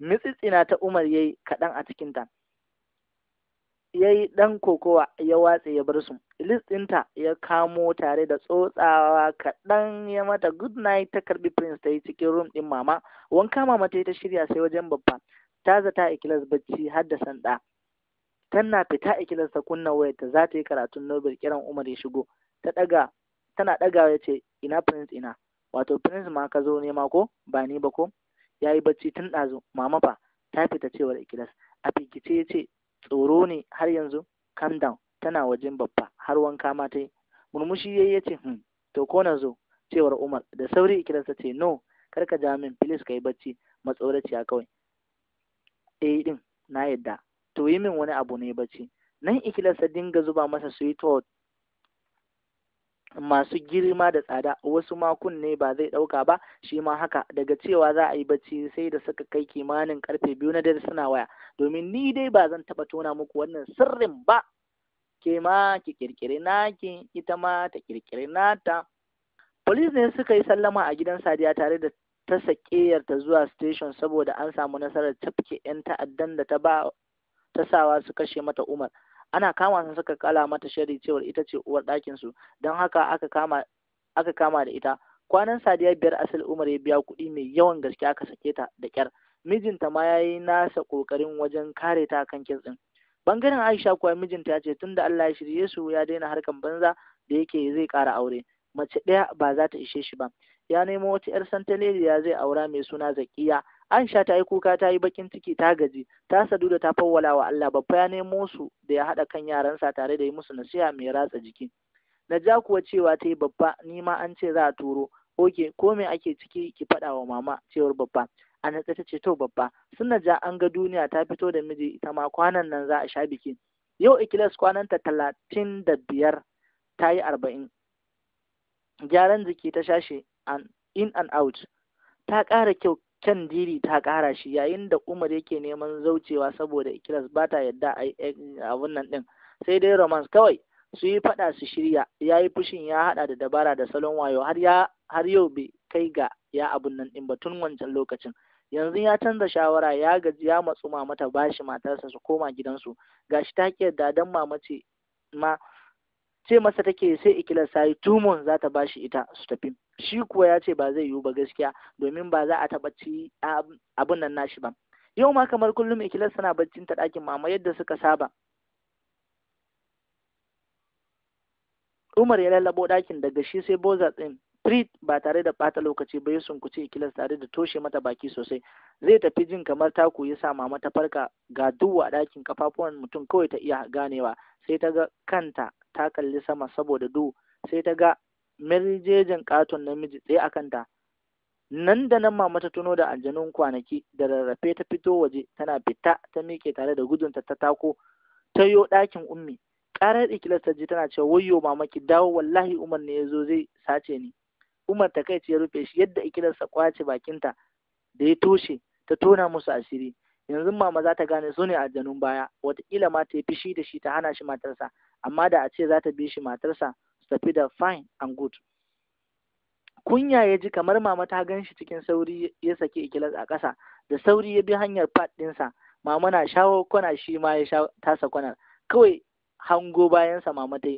A: Mitsitsina ta Umar yayi kaɗan a cikin ta ya yi ɗan kokowa ya watse ya bar su lis ɗinta ya kamo tare da tsotsawa kaɗan ya mata good night ta karbi prince ta yi cikin room ɗin mama wanka mama ta yi ta shirya sai wajen babba ta zata ikilas bacci har da sanda tana fita ikilas ta kunna wayar ta za ta yi karatun nobel kiran umar ya shigo ta ɗaga tana ɗagawa ya ce ina prince ina wato prince ma ka zo ne ma, ko ba ni ba ko ya yi bacci tun ɗazu mama fa ta fita cewar ikilas a fikice ya ce tsoro ne har yanzu calm down tana wajen babba har wanka ma ta yi murmushi yayi ya ce hmm to ko na zo cewar umar da sauri ikilarsa ce no kar ka ja min filis ka yi bacci matsoraciya kawai eh din na yadda to yi min wani abu ne bacci nan ikilarsa dinga zuba masa sweet masu girma da tsada wasu makun ne ba zai ɗauka ba shi ma haka daga cewa za a yi bacci sai da suka kai kimanin karfe biyu na dare suna waya domin ni dai ba zan taɓa tona muku wannan sirrin ba ke ma ki kirkiri naki ita ma ta kirkiri nata police ne suka yi sallama a gidan sadiya tare da ta ta zuwa station saboda an samu nasarar tafke 'yan ta'addan da ta ba ta sawa su kashe mata umar ana kama su suka kala mata shari cewar ita ce uwar ɗakin su don haka aka kama aka kama da ita kwanan sadiya biyar asal umar ya biya kuɗi mai yawan gaske aka sake ta da kyar mijinta ma ya yi nasa ƙoƙarin wajen kare ta kan kes ɗin bangaren aisha kuwa mijinta ya ce tun da allah ya shirye su ya daina harkan banza da yake zai ƙara aure mace ɗaya ba za ta ishe shi ba ya nemo wata 'yar santaleliya zai aura mai suna zakiya Aisha ta yi kuka ta yi bakin ciki ta gaji ta sadu da ta fawwala wa Allah babba ya nemo su da ya haɗa kan yaransa tare da yi musu nasiha mai ratsa jiki. Na ja kuwa cewa ta yi babba ni ma an ce za a turo oke ko me ake ciki ki faɗa wa mama cewar babba a natsa ta ce to babba sun ja an ga duniya ta fito da miji ita ma kwanan nan za a sha biki yau ikilas kwananta talatin da biyar ta yi arba'in gyaran jiki ta shi in and out ta ƙara kyau can diri ta ƙara shi yayin da umar yake neman zaucewa saboda ikilas ba ta yadda eh, abun nan ɗin sai dai romans kawai su yi faɗa su shirya ya yi fushin ya haɗa da dabara da salon wayo har ya yau bai kai ga ya abun nan ɗin ba tun wancan lokacin yanzu ya canza shawara ya gaji ya matsu mata bashi matarsa su koma gidansu gashi ta ki yadda dan mamace ce ma ce masa take sai ikilas ta yi tumon za ta bashi ita su tafi shi kuwa ya ce ba zai yiwu ba gaskiya domin ba za a taɓa ci abin nan nashi ba yau ma kamar kullum ikilas tana baccin ta ɗakin mama yadda suka saba Umar ya lallabo ɗakin daga shi sai Boza ɗin Prit ba tare da ɓata lokaci ba ya sunkuce ikilas tare da toshe mata baki sosai. Zai tafi jin kamar taku ya sa mama ta farka ga duwa a ɗakin kafafuwan mutum kawai ta iya ganewa sai ta ga kanta ta kalli sama saboda duhu sai ta ga mirjejin katon namiji tsaye a kanta nan da nan mama ta tuno da aljanun kwanaki da rarrafe ta fito waje tana fita ta miƙe tare da gudunta ta tako ta yo ɗakin ummi ƙarar ikilas ta ji tana cewa wayyo mama ki dawo wallahi umar ne ya zo zai sace ni umar ta kai ce ya rufe shi yadda ikilarsa sa kwace bakinta da ya toshe ta tona musu asiri yanzu mama za ta gane su ne aljanun baya wataƙila ma ta yi fishi da shi ta hana shi matarsa amma da a ce za ta bi shi matarsa tafi da fine and good kunya ya ji kamar mama ta gan shi cikin sauri ya saki ikilas a ƙasa da sauri ya bi hanyar pad ɗinsa mama na shawo kwana shi ma ya sha tasa kwanar kawai hango bayansa mama ta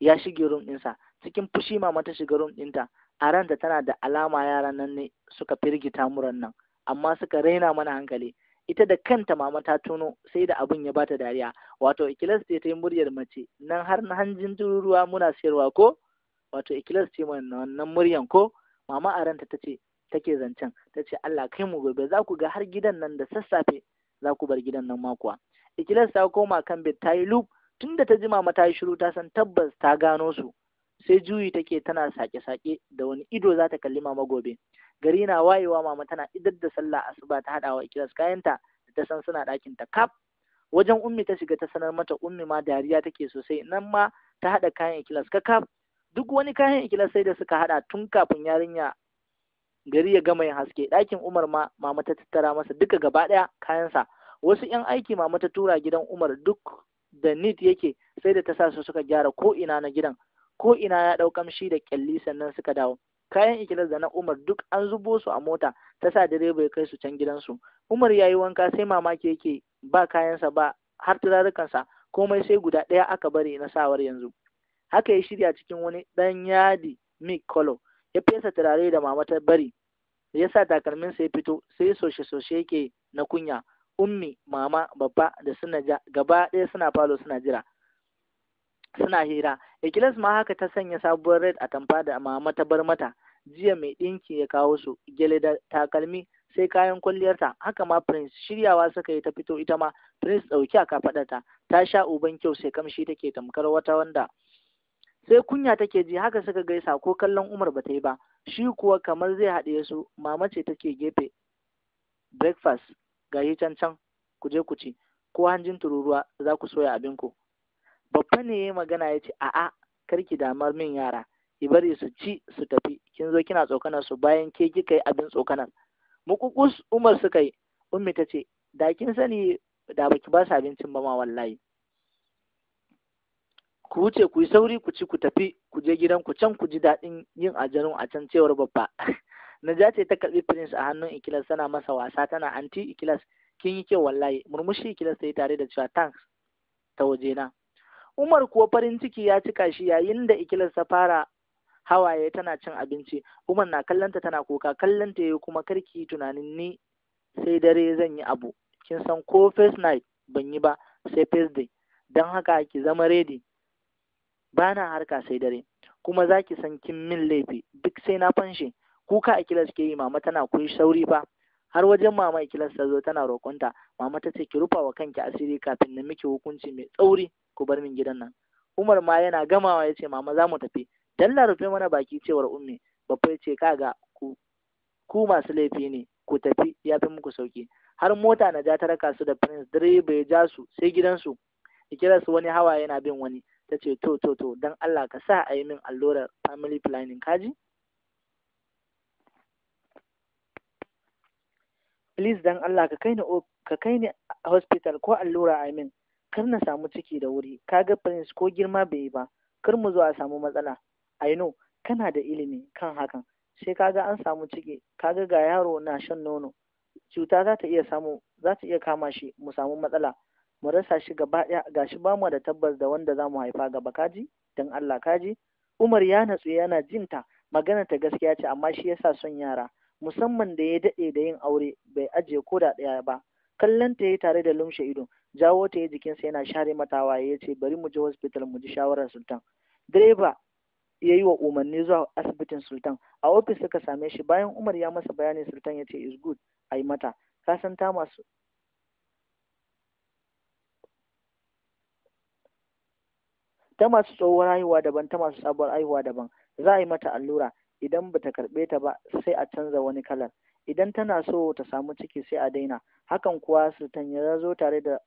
A: ya shige rum ɗinsa cikin fushi mama ta shiga rum ɗinta a ranta tana da alama yaran nan ne suka firgita muran nan amma suka raina mana hankali ita da kanta mama ta tuno sai da abin ya bata dariya wato ikilas ce ta yi muryar mace nan har na hanjin tururuwa muna sayarwa ko wato ikilas ce mai wannan muryan ko mama a ranta tace take zancen tace Allah kai mu gobe za ku ga har gidan nan da sassafe za ku bar gidan nan makuwa ikilas ta koma kan bed ta yi loop tunda ta ji mama ta yi shiru ta san tabbas ta gano su sai juyi take tana sake-sake da wani ido za ta kalli mama gobe gari na wayewa mama tana idar da sallah asuba ta haɗawa ikilas kayanta da ta san suna ɗakin ta kaf wajen ummi ta shiga ta sanar mata ummi ma dariya take sosai nan ma ta haɗa kayan ikilas kakaf duk wani kayan ikilas sai da suka haɗa tun kafin yarinya gari ya gama yin haske ɗakin umar ma mama ta tattara masa duka gaba ɗaya kayansa wasu 'yan aiki mama ta tura gidan umar duk da nit yake sai da ta sa su suka gyara ko ina na gidan ko ina ya ɗau kamshi da ƙyalli sannan suka dawo kayan ikilas da na Umar duk an zubo su a mota ta sa direba ya kai su can gidansu Umar ya yi wanka sai mamaki yake ba kayansa ba har turarukansa komai sai guda ɗaya aka bari na sawar yanzu haka ya shirya cikin wani ɗan yadi mic kolo ya fesa turare da mama ta bari ya sa takalminsa ya fito sai soshe-soshe yake na kunya ummi mama babba da suna gaba ɗaya suna falo suna jira suna hira ikilas ma haka ta sanya sabuwar red a tamfa da mama ta bar mata jiya mai ɗinki ya kawo su gele da takalmi sai kayan kwalliyarta haka ma prince shiryawa suka yi ta fito ita ma prince ɗauki a kafaɗarta ta sha uban kyau sai kamshi take tamkar wata wanda sai kunya take ji haka suka gaisa ko kallon umar ba ta yi ba shi kuwa kamar zai haɗe su mama ce take gefe breakfast ga can can ku je ku ci ko hanjin tururuwa za ku soya abinku babba ne ya magana ya ce a'a karki damar min yara ki bari su ci su tafi kin zo kina tsokanar su bayan ke kika yi abin tsokanar mukukus umar suka yi ummi ta ce da kin sani da baki ba su abincin ba ma wallahi ku wuce ku yi sauri ku ci ku tafi ku je gidan ku can ku ji daɗin yin ajanu a can cewar babba Naja ce ta karbi prince a hannun ikilas tana masa wasa tana anti ikilas kin yi kyau wallahi murmushi ikilas ta yi tare da cewa thanks ta waje na Umar kuwa farin ciki ya cika shi yayin da ikilas ta fara hawaye tana cin abinci. Umar na kallanta tana kuka kallanta yayi kuma karki tunanin ni sai dare zan yi abu. Kin san ko first night ban yi ba sai first day. Don haka ki zama ready. Bana harka sai dare. Kuma za ki san kin min laifi duk sai na fanshe. Kuka ikilar ke yi mama tana kun sauri fa. har wajen mama ikilas ta zo tana roƙonta mama ta ce ki rufa wa kanki asiri kafin na miki hukunci mai tsauri ku bar min gidan nan Umar ma yana gamawa ya ce mama za mu tafi dalla rufe mana baki cewar ummi babba ya ce kaga ku ku masu laifi ne ku tafi ya fi muku sauki har mota na ja ta raka su da prince direba ya ja su sai gidansu ya kira su wani hawa yana bin wani ta ce to to to don Allah ka sa a yi min allurar family planning kaji please dan Allah ka kai ni hospital ko allura a min kar na samu ciki da wuri kaga prince ko girma bai yi ba kar mu zo a samu matsala i know kana da ilimi kan hakan sai kaga an samu ciki kaga ga yaro na shan nono cuta za ta iya samu za ta iya kama shi mu samu matsala mu rasa shi gaba ɗaya gashi ba mu da tabbas da wanda za mu haifa gaba kaji dan Allah kaji Umar ya natsu yana jinta magana ta gaskiya ce amma shi yasa son yara musamman da ya daɗe da yin aure bai ajiye ko da ɗaya ba kallon ta yi tare da lumshe ido jawo ta yi jikinsa yana share mata waye ya ce bari mu je hospital mu ji shawarar sultan direba ya yi wa umarni zuwa asibitin sultan a ofis suka same shi bayan umar ya masa bayani sultan ya ce is good a yi mata ka ta masu ta masu tsohuwar haihuwa daban ta masu sabuwar haihuwa daban za a yi mata allura idan ba ta karɓe ta ba sai a canza wani kalar idan tana so ta samu ciki sai a daina hakan kuwa sultan ya zo tare da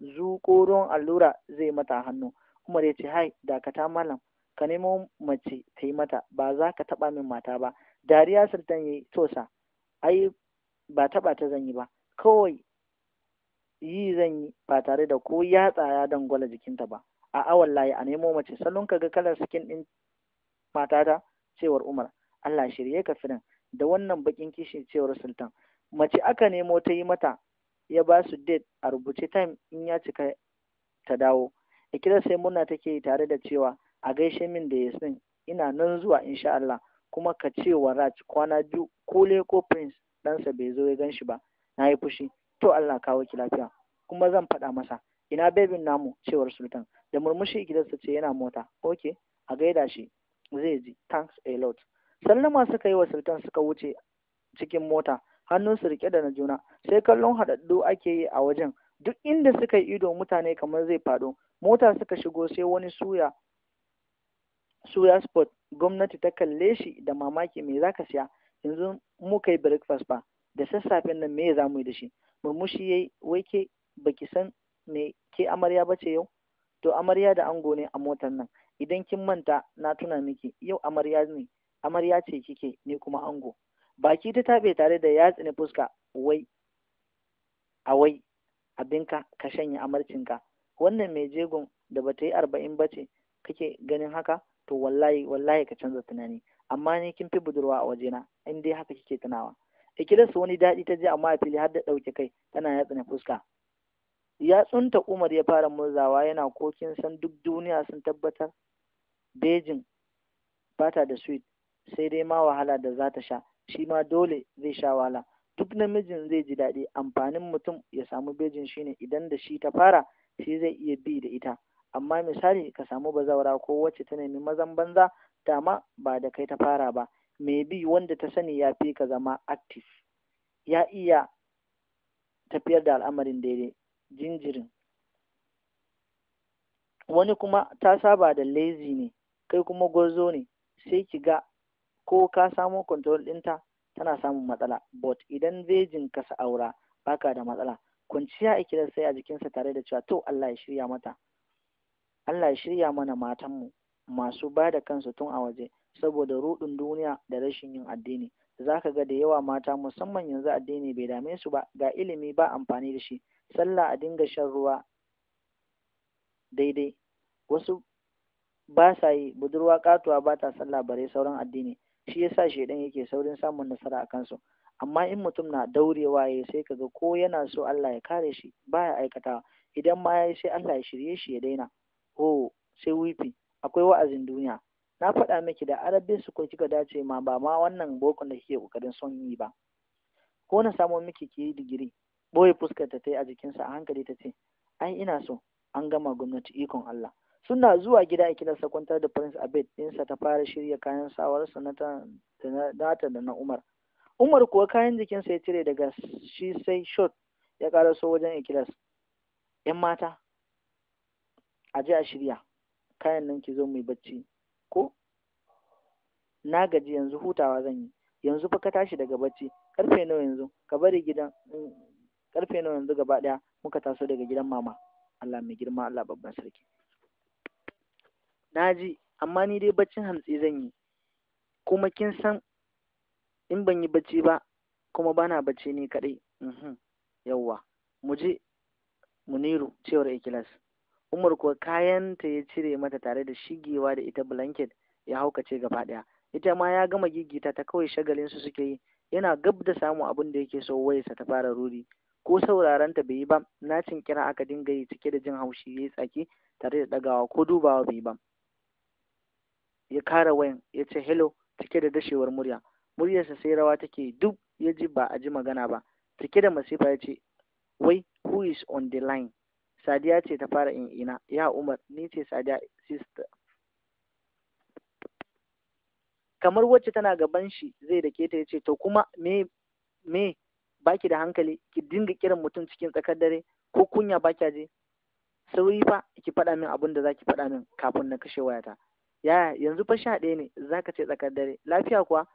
A: zuƙo ruwan allura zai mata hannu umar ya ce hai dakata malam ka nemo mace ta yi mata ba za ka taɓa min mata ba dariya sultan ya yi tosa ai ba taɓa ta zan yi ba kawai yi zan yi ba tare da ko ya tsaya don gwala jikinta ba a awan layi a nemo mace salon ka ga kalar sikin ɗin matata cewar umar allah shirye ka firin da wannan bakin kishin cewar sultan mace aka nemo ta yi mata ya ba su date a rubuce time in ya cika ta dawo ikira sai murna take yi tare da cewa a gaishe min da ya san ina nan zuwa insha Allah kuma ka ce wa Raj kwana biyu kule ko prince ɗansa bai zo ya gan shi ba na yi fushi to Allah kawo ki lafiya kuma zan faɗa masa ina bebin namu cewar sultan da murmushi gidansa ce yana mota Ok, a gaida shi zai ji thanks a lot sallama suka yi wa sultan suka wuce cikin mota hannun su rike da na juna sai kallon haɗaɗɗu ake yi a wajen duk inda suka yi ido mutane kamar zai faɗo mota suka shigo sai wani suya suya sport gwamnati ta kalle shi da mamaki me zaka siya yanzu mu kai breakfast ba da sassafe nan me za mu yi da shi murmushi yayi wai ke baki san me ke amarya bace yau to amarya da ango ne a motar nan idan kin manta na tuna miki yau amarya ne amarya ce kike ni kuma ango baki ta tabe tare da yatsi na fuska wai a wai abinka ka shanye amarcinka wannan mai jegon da bata yi arba'in ba ce kake ganin haka to wallahi wallahi ka canza tunani amma ni kin fi budurwa a wajena in dai haka kike tunawa ikilas wani daɗi ta je amma a fili har da ɗauke kai tana yatsa na fuska yatsunta umar ya fara murzawa yana kokin san duk duniya sun tabbatar bejin bata da suite sai dai ma wahala da za ta sha shi ma dole zai sha wala duk namijin zai ji daɗi amfanin mutum ya samu bejin shine idan da shi ta fara shi zai iya bi da ita amma misali ka samu bazawara ko wacce ta nemi mazan banza dama ba da kai ta fara ba mai bi wanda ta sani ya fi ka zama active ya iya tafiyar da al'amarin daidai jinjirin wani kuma ta saba da lazy ne kai kuma gwarzo ne sai ki ga ko ka samo control ɗinta tana samun matsala but idan bejin kasa aura baka da matsala kwanciya a kira sai a jikinsa tare da cewa to Allah ya shirya mata Allah ya shirya mana matanmu masu ba da kansu tun a waje saboda ruɗin duniya da rashin yin addini za ga da yawa mata musamman yanzu addini bai dame su ba ga ilimi ba amfani da shi sallah a dinga shan ruwa daidai wasu ba sa yi budurwa katuwa ba ta sallah bare sauran addini shi yasa shaidan yake saurin samun nasara a kansu amma in mutum na daurewa ya sai kaga ko yana so Allah ya kare shi baya aikatawa idan ma yayi sai Allah ya shirye shi ya daina oh sai wifi akwai wa'azin duniya na faɗa miki da arabin su ko kika dace ma ba ma wannan bokon da kike kokarin son yi ba ko na samo miki ki yi digiri boye fuskar ta tai a jikinsa a hankali ta ce ai ina so an gama gwamnati ikon Allah suna zuwa gida a kilarsa kwantar da prince abed ɗinsa ta fara shirya kayan sawarsa na da na umar umar kuwa kayan jikinsa ya cire daga shi sai shot ya karaso wajen ikilas yan mata a a shirya kayan nan ki zo mai bacci ko na gaji yanzu hutawa zan yi yanzu fa ka tashi daga bacci karfe nawa yanzu ka bari gidan mm, karfe nawa yanzu gaba daya muka taso daga gidan mama Allah mai girma Allah babban sarki na ji amma ni dai baccin hantsi zan yi kuma kin san in ban yi bacci ba kuma bana bacci ne kaɗai mhm, yawwa mu je muniru cewar ikilas umar kuwa ta ya cire mata tare da shigewa da ita blanket ya haukace gaba ɗaya ita ma ya gama gigita ta kawai shagalin su suke yi yana gab da samun abin da yake so wayarsa ta fara ruri ko sauraron ta bai yi ba cin kira aka dinga yi cike da jin haushi yayi tsaki tare da ɗagawa ko dubawa bai yi ba ya kara wayan ya ce hello cike da dashewar murya muryarsa sai rawa take duk ya ji ba a ji magana ba cike da masifa ya ce wai who is on the line sadiya ce ta fara in ina ya umar ni ce sadiya sister kamar wacce tana gaban shi zai da ta ya ce to kuma me me baki da hankali ki dinga kiran mutum cikin tsakar dare ko kunya baki je sauri fa ki faɗa min abin da zaki faɗa min kafin na kashe wayata yaya yanzu fa sha ɗaya ne zaka ce tsakar dare lafiya kuwa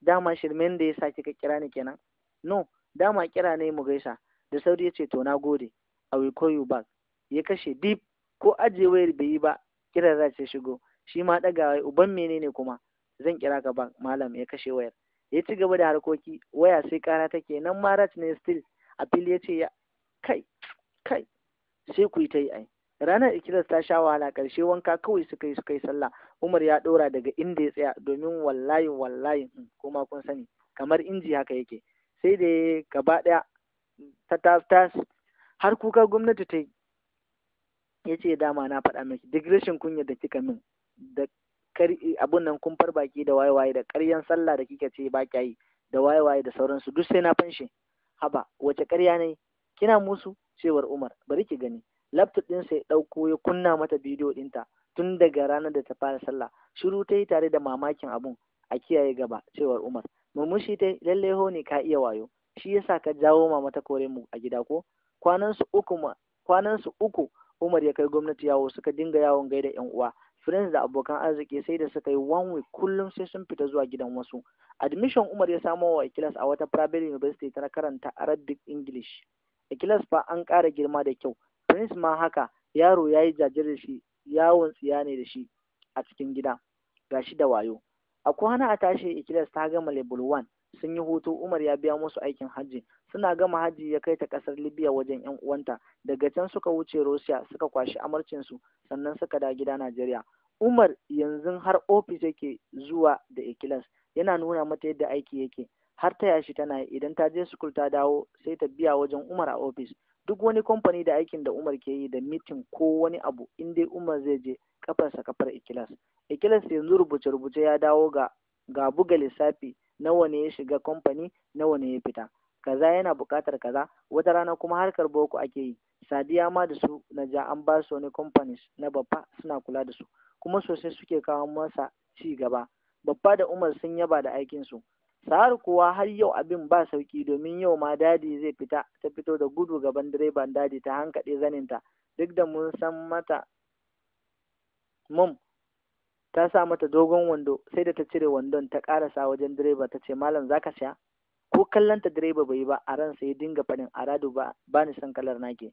A: dama shirmen da ya sa kika kira ni kenan no dama kira ne mu gaisa da sauri ya ce to na gode a will call you back ya kashe bip! ko ajiye wayar bai yi ba kiran za ta shigo shi ma ɗagawa uban menene kuma zan kira ka ba malam ya kashe wayar ya ci gaba da harkoki waya sai kara take nan marat ne still a fili ya ce ya kai kai sai ku yi ta yi ai ranar ikilas ta sha wahala Karshe wanka kawai suka yi suka yi sallah umar ya ɗora daga inda ya tsaya domin wallahi wallahi hmm, kuma kun sani kamar inji haka yake sai da gaba daya ta har kuka gwamnati ta yi ya ce dama na faɗa miki duk rashin kunya da kika min da abun nan kun kumfar baki da waye da ƙaryan sallah da kika ce ba kyayi da waye da sauransu duk sai na fanshe haba wace ƙarya ne kina musu cewar umar bari ki gani laptop sa ya ɗauko ya kunna mata bidiyo dinta, tun daga ranar da ta fara sallah shiru ta yi tare da mamakin abun a kiyaye gaba cewar umar murmushi ta lallai ne, ka iya wayo shi yasa ka jawo mama ta kore mu a gida ko kwanansu uku su uku umar ya kai gwamnati yawo suka dinga yawon gaida yan uwa friends da abokan arziki sai da suka yi one week kullum sai sun fita zuwa gidan wasu admission umar ya samo wa ikilas a wata private university ta karanta arabic english ikilas fa an ƙara girma da kyau Prince ma haka yaro ya yi jajir da shi yawon tsiya ne da shi a cikin gida ga shi da wayo a kwana a tashi ikilas ta gama level 1 sun yi hutu Umar ya biya musu aikin hajji suna gama hajji ya kai ta kasar Libya wajen yan uwanta daga can suka wuce Russia suka kwashi amarcin su sannan suka da gida Najeriya Umar yanzu har ofis yake zuwa da ikilas yana nuna mata yadda aiki yake har ta yashi tana idan ta je sukul ta dawo sai ta biya wajen Umar a ofis duk wani kamfani da aikin da Umar ke yi da mitin ko wani abu in dai Umar zai je kafarsa kafar ikilas ikilas yanzu rubuce rubuce ya dawo ga ga buga lissafi nawa ne ya shiga kamfani nawa ne ya fita kaza yana buƙatar kaza wata rana kuma harkar boko ake yi sadiya ma da su na ja an ba su wani kamfani na babba suna kula da su kuma sosai suke kawo masa ci gaba babba da umar sun yaba da aikin su Sa'ar kuwa har yau abin ba sauki domin yau ma dadi zai fita ta fito da gudu gaban direban dadi ta hankaɗe zaninta duk da mun san mata mum ta sa mata dogon wando sai da ta cire wandon ta karasa wajen direba ta ce malam zaka sha ko kallon ta direba bai ba a ran sai dinga faɗin aradu ba ba ni son kalar nake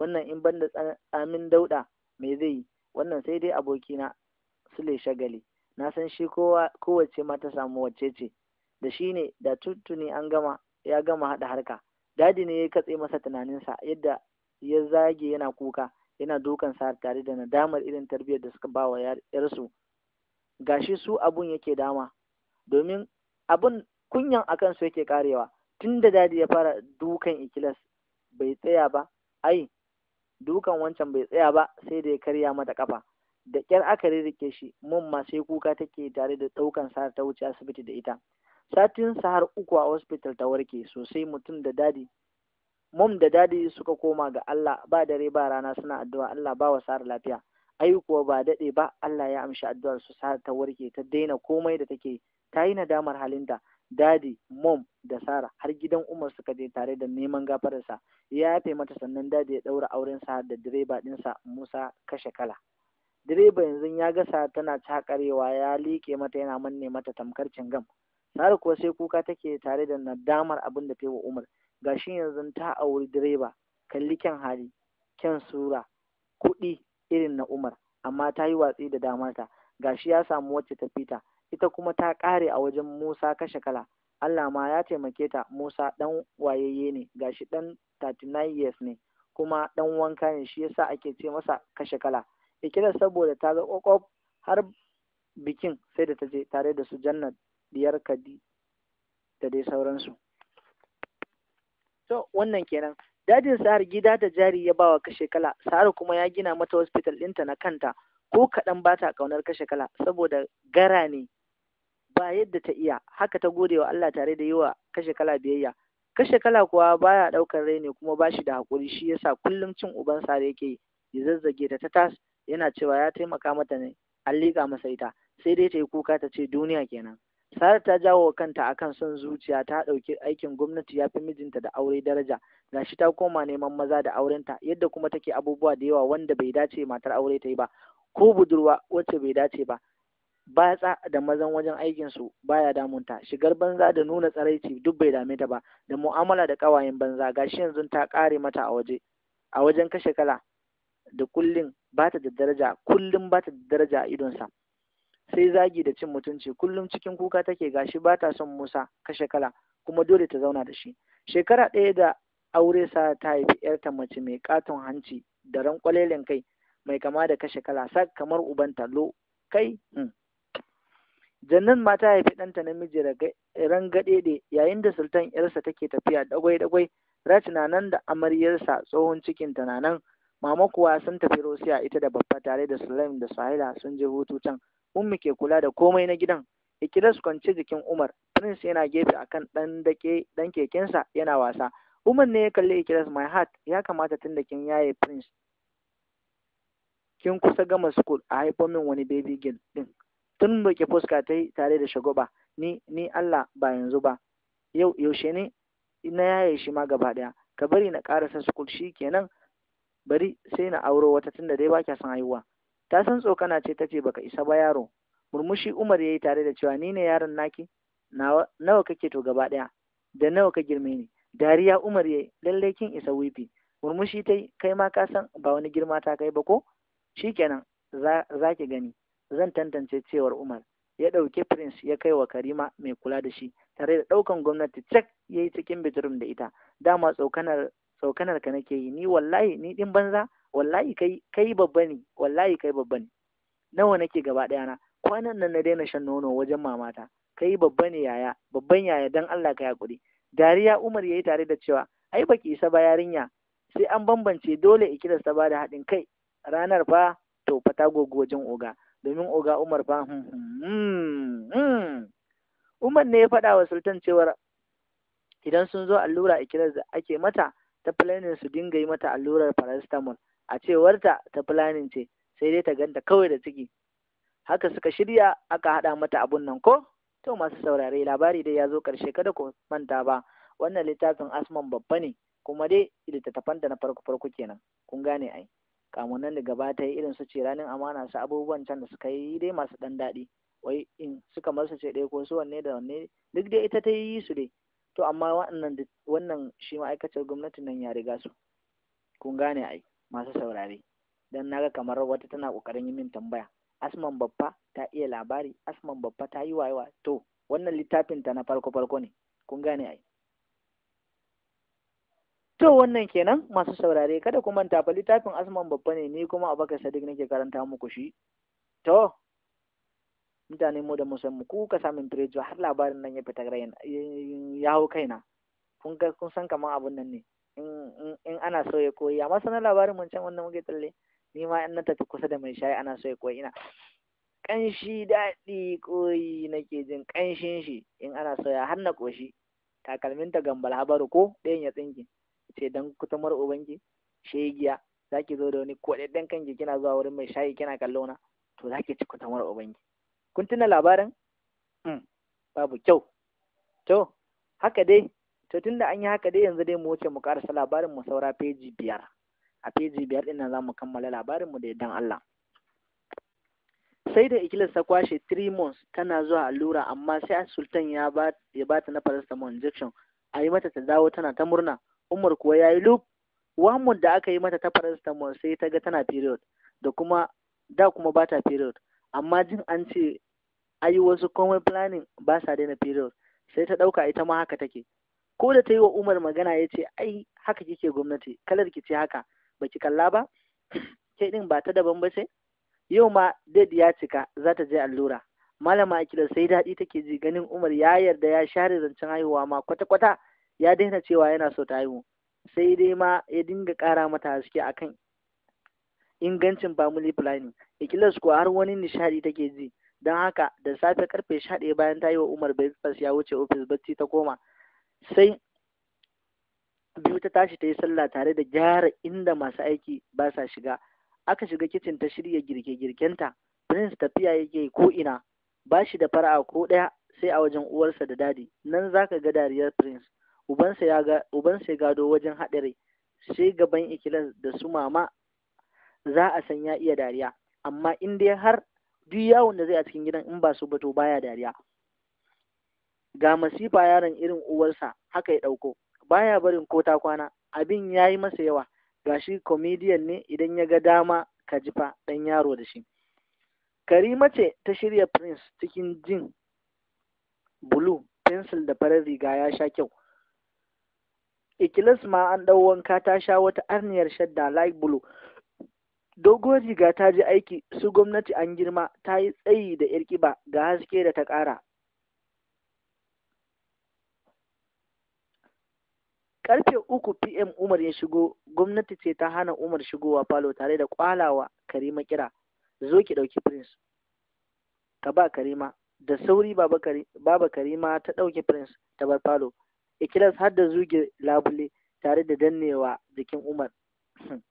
A: wannan in banda tsamin dauda me zai yi wannan sai dai abokina sule shagali na san shi kowace ma ta samu wacce ce da shi ne da tuntuni an gama ya gama haɗa harka dadi ne ya katse masa tunaninsa yadda ya zage yana kuka yana dukan sa tare da nadamar irin tarbiyyar da suka bawa yarsu gashi su abun yake dama domin abun kunyan akan su yake karewa tun da dadi ya fara dukan ikilas bai tsaya ba ai dukan wancan bai tsaya ba sai da ya karya mata kafa da kyar aka rirrike shi mun ma sai kuka take tare da ɗaukan sa ta wuce asibiti da ita satinsa har uku a hospital ta warke sosai mutum da dadi mom da dadi suka koma ga Allah ba dare ba rana suna addu'a Allah ba wa sar lafiya ai kuwa ba daɗe ba Allah ya amshi addu'ar su sar ta warke ta daina komai da take ta yi nadamar halinta dadi mom da sara har gidan umar suka je tare da neman gafararsa ya yafe mata sannan dadi ya daura auren sa da direba dinsa musa kashe kala direba yanzu ya ga sa tana cakarewa ya liƙe mata yana manne mata tamkar cingam Sare kuwa sai kuka take tare da nadamar abin da ta yi wa Umar. gashi yanzu ta auri direba, kalli kyan hali, kyan sura, kuɗi irin na Umar, amma ta yi watsi da damarta. Gashi ya samu wacce ta fita, ita kuma ta ƙare a wajen Musa kashe kala. Allah ma ya taimake ta Musa ɗan wayayye ne, gashi ɗan 39 years ne, kuma ɗan wanka ne shi yasa ake ce masa kashe kala. Ikilar saboda ta ga ƙwaƙwaf har bikin sai da ta je tare da su jannat biyar kadi da dai sauransu to wannan kenan dajin sa'ar gida da jari ya bawa kashe kala sa'ar kuma ya gina mata hospital ɗinta na kanta ko kaɗan ba ta ƙaunar kashe kala saboda gara ne ba yadda ta iya haka ta gode wa Allah tare da yi wa kashe kala biyayya kashe kala kuwa baya ɗaukar rai ne kuma ba shi da haƙuri shi yasa kullum cin uban sare yake ya zazzage ta ta tas yana cewa ya taimaka mata ne an liƙa masa ita sai dai ta yi kuka ta ce duniya kenan Sara ta jawo wa kanta a kan son zuciya ta ɗauki aikin gwamnati ya fi mijinta da aure daraja gashi ta koma neman maza da aurenta yadda kuma take abubuwa da yawa wanda bai dace matar aure ta yi ba ko budurwa wacce bai dace ba tsa da mazan wajen aikinsu baya damunta shigar banza da nuna tsaraici duk bai dame ta ba da mu'amala da kawayen banza gashi yanzu ta kare mata a waje a wajen kashe kala da kullum ta da daraja kullum bata da daraja a idonsa sai zagi da cin mutunci kullum cikin kuka take gashi ba ta son Musa kashe kala kuma dole ta zauna da shi shekara ɗaya da aure sa ta haifi ta mace mai katon hanci da rankwalelen kai mai kama da kashe kala Sa kamar uban talo kai hmm. jannan ma ta haifi ɗanta namiji rangaɗeɗe yayin da sultan yarsa take tafiya dagwai-dagwai ratina na nan da amaryarsa tsohon cikin ta nan mama kuwa sun tafi rosiya ita da babba tare da sulaim da sahila sun je hutu can ummi ke kula da komai na gidan ikilas kwance jikin umar prince yana gefe akan dan dake dan kekensa yana wasa umar ne ya kalli ikilas my heart ya kamata tun da kin yaye prince kin kusa gama school a haifo min wani baby girl din tun ke fuska ta yi tare da shagoba ni ni Allah ba yanzu ba yau yaushe ne na yaye shi ma gaba daya ka bari na karasa school kenan bari sai na auro wata tunda dai ba kya son haihuwa ta san tsokana ce ta ce baka isa ba yaro murmushi umar ya yi tare da cewa ni ne yaron naki nawa kake to gaba ɗaya da nawa ka girme ni dariya umar ya yi lallai kin isa wifi murmushi ta kai ma ka san ba wani girma ta kai ba ko shikenan za ki gani zan tantance cewar umar ya ɗauki prince ya kai wa karima mai kula da shi tare da ɗaukan gwamnati cek ya yi cikin biturum da ita dama tsokanar ka nake yi ni wallahi ni ɗin banza wallahi kai kai babba ne wallahi kai babba ne nawa nake gaba ɗaya na kwanan nan na daina shan nono wajen mamata kai babba ne yaya babban yaya dan Allah ka hakuri dariya Umar yayi tare da cewa ai baki isa ba yarinya sai an bambance dole ikilas ta da haɗin kai ranar fa to fata wajen oga domin oga Umar fa hmm, hmm, hmm, Umar ne ya faɗawa wa Sultan cewar idan sun zo allura ikilas da ake mata ta planning su dinga yi mata allurar paracetamol a cewarta ta fulanin ce sai dai ta ganta kawai da ciki haka suka shirya aka haɗa mata abun nan ko to masu saurare labari dai ya zo ƙarshe kada ku manta ba wannan littafin asman babba ne kuma dai littattafan da na farko farko kenan kun gane ai kamunan da gaba ta yi irin su ce ranar amana su abubuwan can da suka yi dai masu ɗan daɗi wai in suka masu ce ɗaya ko su wanne da wanne duk dai ita ta yi su dai to amma wannan wannan shi ma'aikacin gwamnatin nan ya riga su kun gane ai masu saurare don na ga kamar wata tana ƙoƙarin yi min tambaya asman babba ta iya labari asman babba ta yi wayewa to wannan littafin ta na farko farko ne kun gane ai to wannan kenan masu saurare kada ku manta fa littafin asman babba ne ni kuma abakar sadiq nake karanta muku shi to mutane mu da musamman ku ka samun firejo har labarin nan ya fita ya hau kaina kun san kamar abun nan ne in ana so ya koyi amma sanar labarin mun can wanda muke tsalle ni ma in na tafi kusa da mai shayi ana so ya koyi ina ƙanshi daɗi koyi nake jin ƙanshin shi in ana so ya har na ƙoshi takalminta gambal habaru ko ɗayan ya tsinki ce dan kutumar ubanki shegiya za ki zo da wani Ko koɗaɗɗen kanki kina zuwa wurin mai shayi kina kallo na to za ki ci kutumar ubanki kun tuna labarin mm, babu kyau to haka dai to tunda an yi haka dai yanzu dai mu wuce mu karasa labarin mu saura peji biyar a peji biyar din nan zamu kammala labarin mu da dan Allah sai da ikilis ta kwashe 3 months tana zuwa allura amma sai sultan ya ba ya bata na paracetamol injection ayi mata ta dawo tana ta murna umar kuwa yayi yi loop wahamun da aka yi mata ta paracetamol sai ta ga tana period da kuma da kuma bata period amma jin an ce ayi wasu komai planning ba sa daina period sai ta ɗauka ita ma haka take ko da ta yi wa umar magana ya ce ai haka kike gwamnati kalar ki ce haka baki kalla ba ke din ba ta daban ba ce yau ma dad ya cika za ta je allura malama akila sai daɗi take ji ganin umar ya yarda ya share zancen haihuwa ma kwata-kwata ya daina cewa yana so ta haihu sai dai ma ya dinga ƙara mata haske a kan ingancin family planning ikilas kuwa har wani nishadi take ji don haka da safe karfe sha ɗaya bayan ta yi wa umar breakfast ya wuce ofis bacci ta koma sai biyu ta tashi ta yi sallah tare da gyara inda masu aiki ba sa shiga aka shiga kicin ta shirya girke-girkenta prince tafiya yake ko ina ba shi da fara'a ko ɗaya sai a wajen uwarsa da dadi nan za ka ga dariyar prince ubansa ya ya gado wajen haɗari sai gaban ikilan da su mama za a san ya iya dariya amma in dai har duk yawon da zai a cikin gidan in ba su ba to baya dariya ga masifa yaron irin uwarsa haka ya ɗauko baya barin ko ta kwana abin ya yi masa yawa Ga shi comedian ne idan ya ga dama ka jifa ɗan yaro da shi karima ce ta shirya prince cikin jin bulu pencil da farar riga ya sha kyau ikilas ma an ɗau wanka ta sha wata arniyar shadda light blue dogon riga ta ji aiki su gwamnati an girma ta yi tsayi da irkiba ga haske da ta ƙara karfe uku pm umar ya shigo gwamnati ce ta hana umar shigowa falo tare da kwalawa karima kira zo ki ɗauki prince ka ba karima da sauri baba karima ta ɗauki prince ta bar falo ikilas har da zuge labule tare da dannewa jikin umar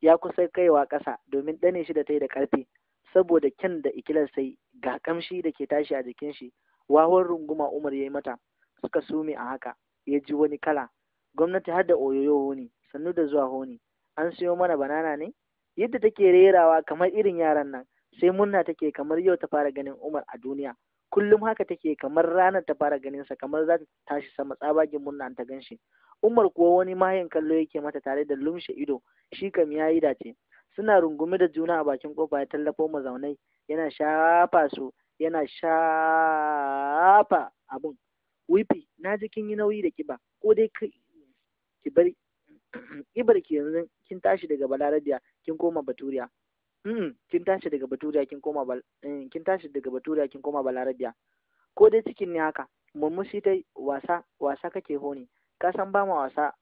A: ya kusa kaiwa ƙasa domin ɗane shi da ta yi da karfe saboda kyan da ikilas sai ga ƙamshi da ke tashi a jikin shi wahon runguma umar ya yi mata suka sume a haka ya ji wani kala gwamnati har da oyoyo ne sannu da zuwa honi an siyo mana banana ne yadda take rerawa kamar irin yaran nan sai murna take kamar yau ta fara ganin umar a duniya kullum haka take kamar ranar ta fara ganin sa kamar za ta tashi sama tsabagen murna ta ganshi. umar kuwa wani mayan kallo yake mata tare da lumshe ido shi kam ya yi dace suna rungume da juna a bakin kofa ya tallafo mazaunai yana shafa su yana shafa abun wifi na ji kin yi nauyi da kiba ko dai ki bar kibar ki yanzu kin tashi daga balarabiya kin koma baturiya kin tashi daga baturiya kin koma eh, kin tashi daga baturiya kin koma balarabiya ko dai cikin ne haka murmushi dai wasa wasa kake honi ka san ba ma wasa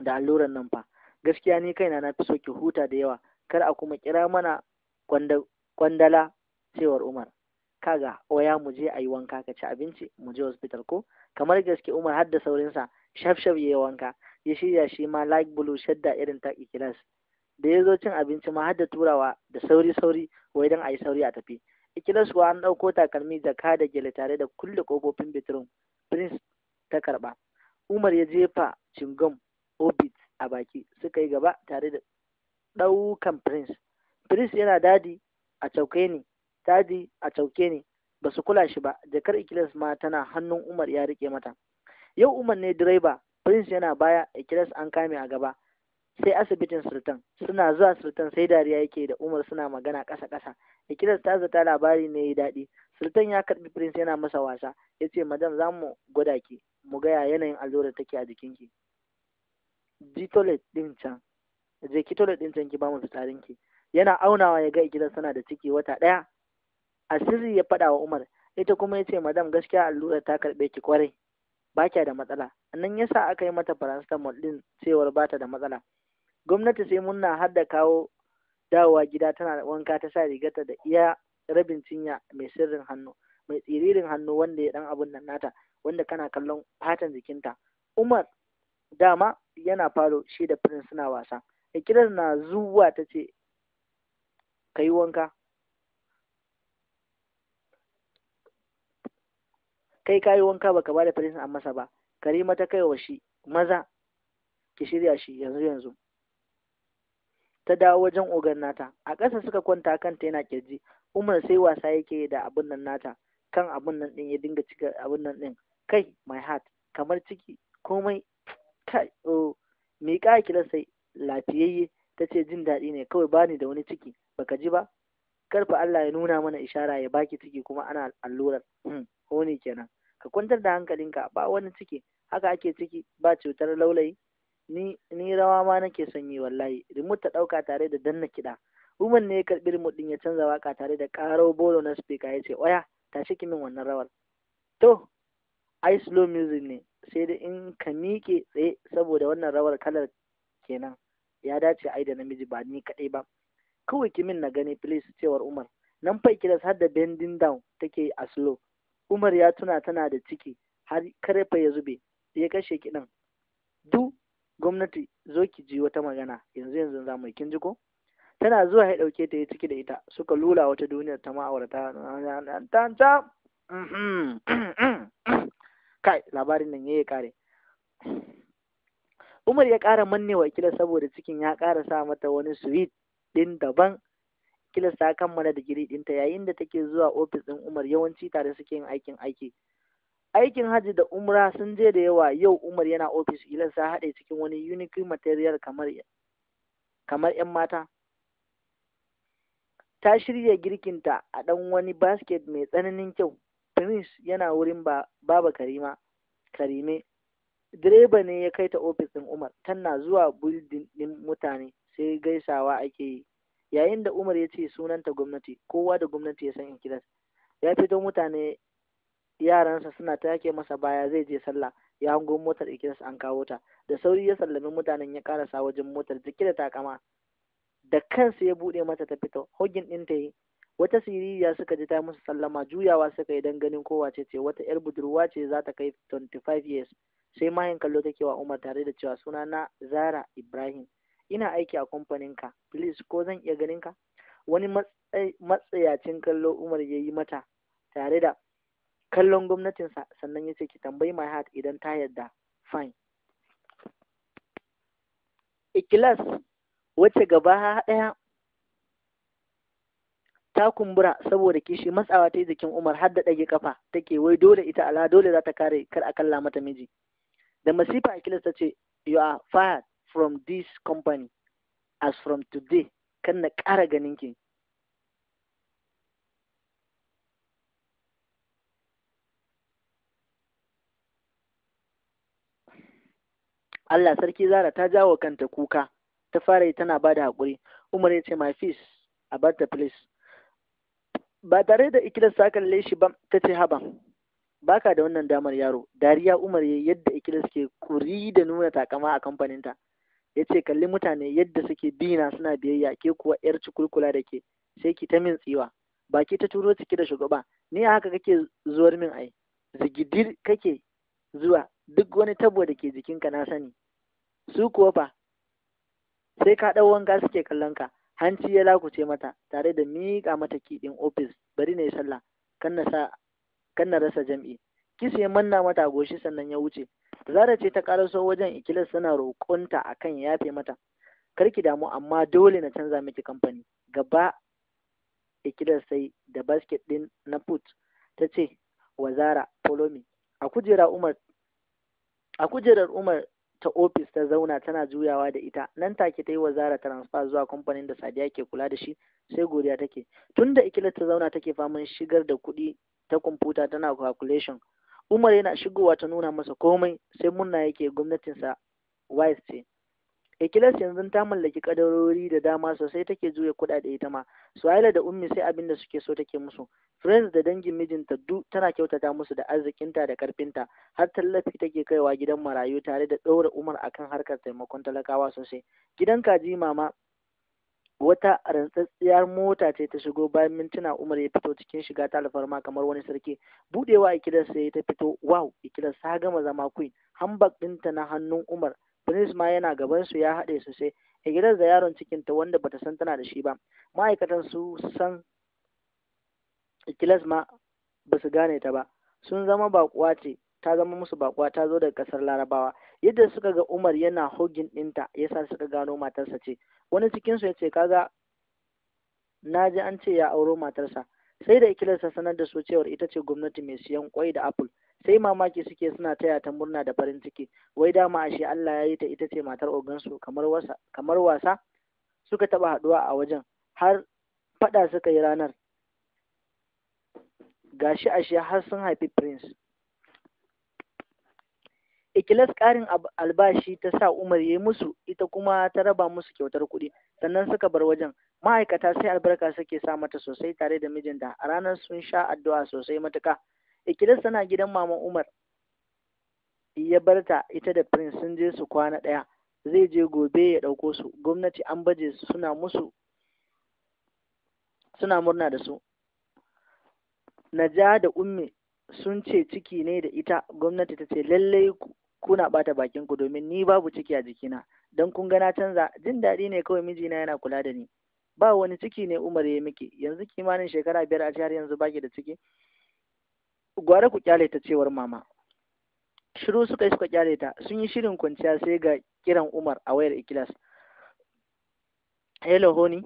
A: da alluran nan fa gaskiya ni kaina na fi so ki huta da yawa kar a kuma kira mana kwandala cewar Umar Ka ga oya mu je a yi wanka ka ci abinci mu je hospital ko kamar gaske umar har da saurinsa shaf shaf ya yi wanka ya shirya shi ma light blue shadda irin ta ikilas da ya zo cin abinci ma har da turawa da sauri sauri wai don a yi sauri a tafi ikilas kuwa an ɗauko takalmi da ka da gele tare da kulle ƙofofin bitrum prince ta karba umar ya jefa cingam obit a baki suka yi gaba tare da ɗaukan prince prince yana dadi a cauke ne daji a cauke ne ba su kula shi ba jakar ikilas ma tana hannun Umar ya rike mata yau Umar ne direba Prince yana baya ikilas an kame a gaba sai asibitin sultan suna zuwa sultan sai dariya yake da Umar suna magana kasa kasa ikilas ta zata labari ne ya daɗi sultan ya karbi Prince yana masa wasa ya ce madam za mu gwada ki mu gaya yanayin allurar take a jikinki jitolet din can je ki din can ki ba mu fitarinki. ki yana aunawa ya ga ikilas tana da ciki wata ɗaya. asiri ya faɗa wa Umar ita kuma ya ce madam gaskiya allura ta karɓe ki kwarai ba kya da matsala nan ya sa aka yi mata paracetamol din cewar ba ta da matsala gwamnati sai munna har da kawo dawowa gida tana wanka ta sa rigarta da iya rabin cinya mai sirrin hannu mai tsiririn hannu wanda ya dan abun nan nata wanda kana kallon fatan jikinta umar dama yana falo shi da prince suna wasa ikirar na zuwa ta ce ka yi wanka kai kayi wanka baka bada firinsa a masa ba karima ta kai wa shi maza ki shirya shi yanzu yanzu ta dawo wajen ogan nata a ƙasa suka kwanta kanta yana kirji umar sai wasa yake da abin nan nata kan abin nan din ya dinga cika abin nan din kai my heart kamar ciki komai kai oh miƙa kira sai lafiyayye ta ce jin daɗi ne kawai bani da wani ciki baka ji ba karfa Allah ya nuna mana ishara ya baki ciki kuma ana allurar hmm. honi kenan ka kwantar da hankalinka ba wani ciki haka ake ciki ba cutar laulayi ni ni rawa ma nake son yi wallahi remote ta dauka tare da danna kiɗa Umar ne ya karbi remote din ya canza waka tare da karo bolo na speaker ya ce oya tashi min wannan rawar to ai slow music ne sai da in ka miƙe tsaye saboda wannan rawar kalar kenan ya dace ai da namiji ba ni kaɗai ba kawai min na gani please cewar Umar nan fa kidas har da bending down take a slow Umar ya tuna tana da ciki har karfe ya zube ya kashe kiɗan. Du gwamnati zo ki ji wata magana yanzu yanzu za mu kin ji ko? Tana zuwa ya ɗauke ta ya ciki da ita suka lula wata duniyar ta ma'aurata ta kai labarin nan yayi kare. Umar ya ƙara manne kila saboda cikin ya ƙara sa mata wani sweet ɗin daban Kila ta kammala digiri dinta yayin da take zuwa ofis ɗin Umar yawanci tare suke yin aikin aiki. Aikin hajji da Umra sun je da yawa yau Umar yana ofis Ilas haɗe cikin wani unique material kamar kamar 'yan mata. Ta shirya girkinta a ɗan wani basket mai tsananin kyau. Prince yana wurin Baba Karima, Karime. Direba ne ya kai ta ofis ɗin Umar, tana zuwa building ɗin mutane sai gaisawa ake yi. yayin da Umar ya ce sunanta gwamnati kowa da gwamnati ya san inkilas ya fito mutane yaransa suna take masa baya zai je sallah ya hango motar ikilas an kawo ta da sauri ya sallami mutanen ya karasa wajen motar jiki da takama da kansa ya bude mata ta fito hogin ɗin ta yi wata siririya suka ji ta musu sallama juyawa suka yi dan ganin kowa ce ce wata yar budurwa ce za ta kai 25 years sai mayan kallo take wa Umar tare da cewa suna na Zara Ibrahim ina aiki a kamfanin ka please ko zan iya ganin ka wani matsayacin kallo Umar ya yi mata tare da kallon gwamnatinsa sannan ya ce ki tambayi my heart idan ta yarda fine ikilas wacce gaba ɗaya ta kumbura saboda kishi matsawa ta yi jikin Umar har da ɗage kafa take wai dole ita ala dole za ta kare kar a kalla mata miji da masifa ikilas ta ce you are fired from this company as from today kan na ƙara ganin ki Allah sarki Zara ta jawo kanta kuka ta fara tana ba da haƙuri Umar ya ce my fees a bar ta place. ba tare da ikilas ta kalle shi ba ta ce haba baka da wannan damar yaro dariya Umar ya yadda ikilas ke kuri da nuna takama a kamfaninta ya ce kalli mutane yadda suke bina suna biyayya ke kuwa yar cikulkula da ke sai ki ta min tsiwa baki ta turo ciki da shugaba ni a haka kake zuwar min ai zigidir kake zuwa duk wani tabo da ke jikinka na sani su kuwa fa sai ka ɗau wanka suke kallon ka hanci ya lakuce mata tare da miƙa mata kiɗin ofis bari na yi sallah kan na rasa jam'i kisa ya manna mata goshi sannan ya wuce zara ce ta karaso wajen ikilas tana roƙonta akan ya yafe mata Kar ki damu amma dole na canza miki kamfani gaba ikilas sai da basket din na put ta ce wa zara follow me a kujerar umar ta ofis ta zauna tana juyawa da ita nan take ta yi wa zara transfer zuwa kamfanin da sadiya ke kula da shi sai godiya take tun da ikilas ta zauna take faman shigar da kuɗi ta kwamfuta tana calculation Umar yana shigowa ta nuna masa komai sai munna yake gwamnatinsa wise ce. Ikilas yanzu ta mallaki kadarori da dama sosai take juya kuɗaɗe ita ma. Suhaila da Ummi sai abin da suke so take musu. Friends da dangin mijinta duk tana kyautata musu da arzikinta da karfinta har tallafi take kaiwa gidan marayu tare da ɗora Umar akan harkar taimakon talakawa sosai. Gidan kaji mama wata rantsastsiyar mota ce ta shigo bayan mintuna umar ya fito cikin shiga ta alfarma kamar wani sarki budewa ikilar sai ta fito wow ikilar sa gama zama queen hambak dinta na hannun umar prince ma yana gaban su ya haɗe sosai ikilar da yaron cikin ta wanda bata san tana da shi ba ma'aikatan su san ikilas ma basu gane ta ba sun zama bakuwa ce ta zama musu bakwa ta zo daga kasar larabawa yadda suka ga umar yana hogin ɗinta yasa suka gano matarsa ce wani cikinsu ya ce kaga na ji an ce ya auro matarsa sai da ikilarsa sanar da su cewar ita ce gwamnati mai siyan kwai da apple sai mamaki suke suna taya ta murna da farin ciki wai dama ashe Allah ya yi ta ita ce matar ogansu kamar wasa kamar wasa suka taba haduwa a wajen har fada suka yi ranar gashi ashe har sun haifi prince ikilas ƙarin albashi ta sa Umar ya yi musu ita kuma ta raba musu kyautar kuɗi sannan suka bar wajen ma'aikata sai albarka suke sa mata sosai tare da mijinta a ranar sun sha addu'a sosai matuka ikilas tana gidan Maman Umar ya barta ita da prince sun je su kwana ɗaya zai je gobe ya ɗauko su gwamnati an baje su suna musu suna murna da su naja da ummi sun ce ciki ne da ita gwamnati ta ce lallai kuna bata bakin ku domin ni babu ciki a jikina Don kun ga na canza jin daɗi ne kawai mijina yana kula da ni ba wani ciki ne Umar ya miki yanzu kimanin shekara biyar a har yanzu baki da ciki gware ku kyale ta cewar mama shiru suka yi suka kyale ta sun yi shirin kwanciya sai ga kiran Umar a wayar ikilas hello honi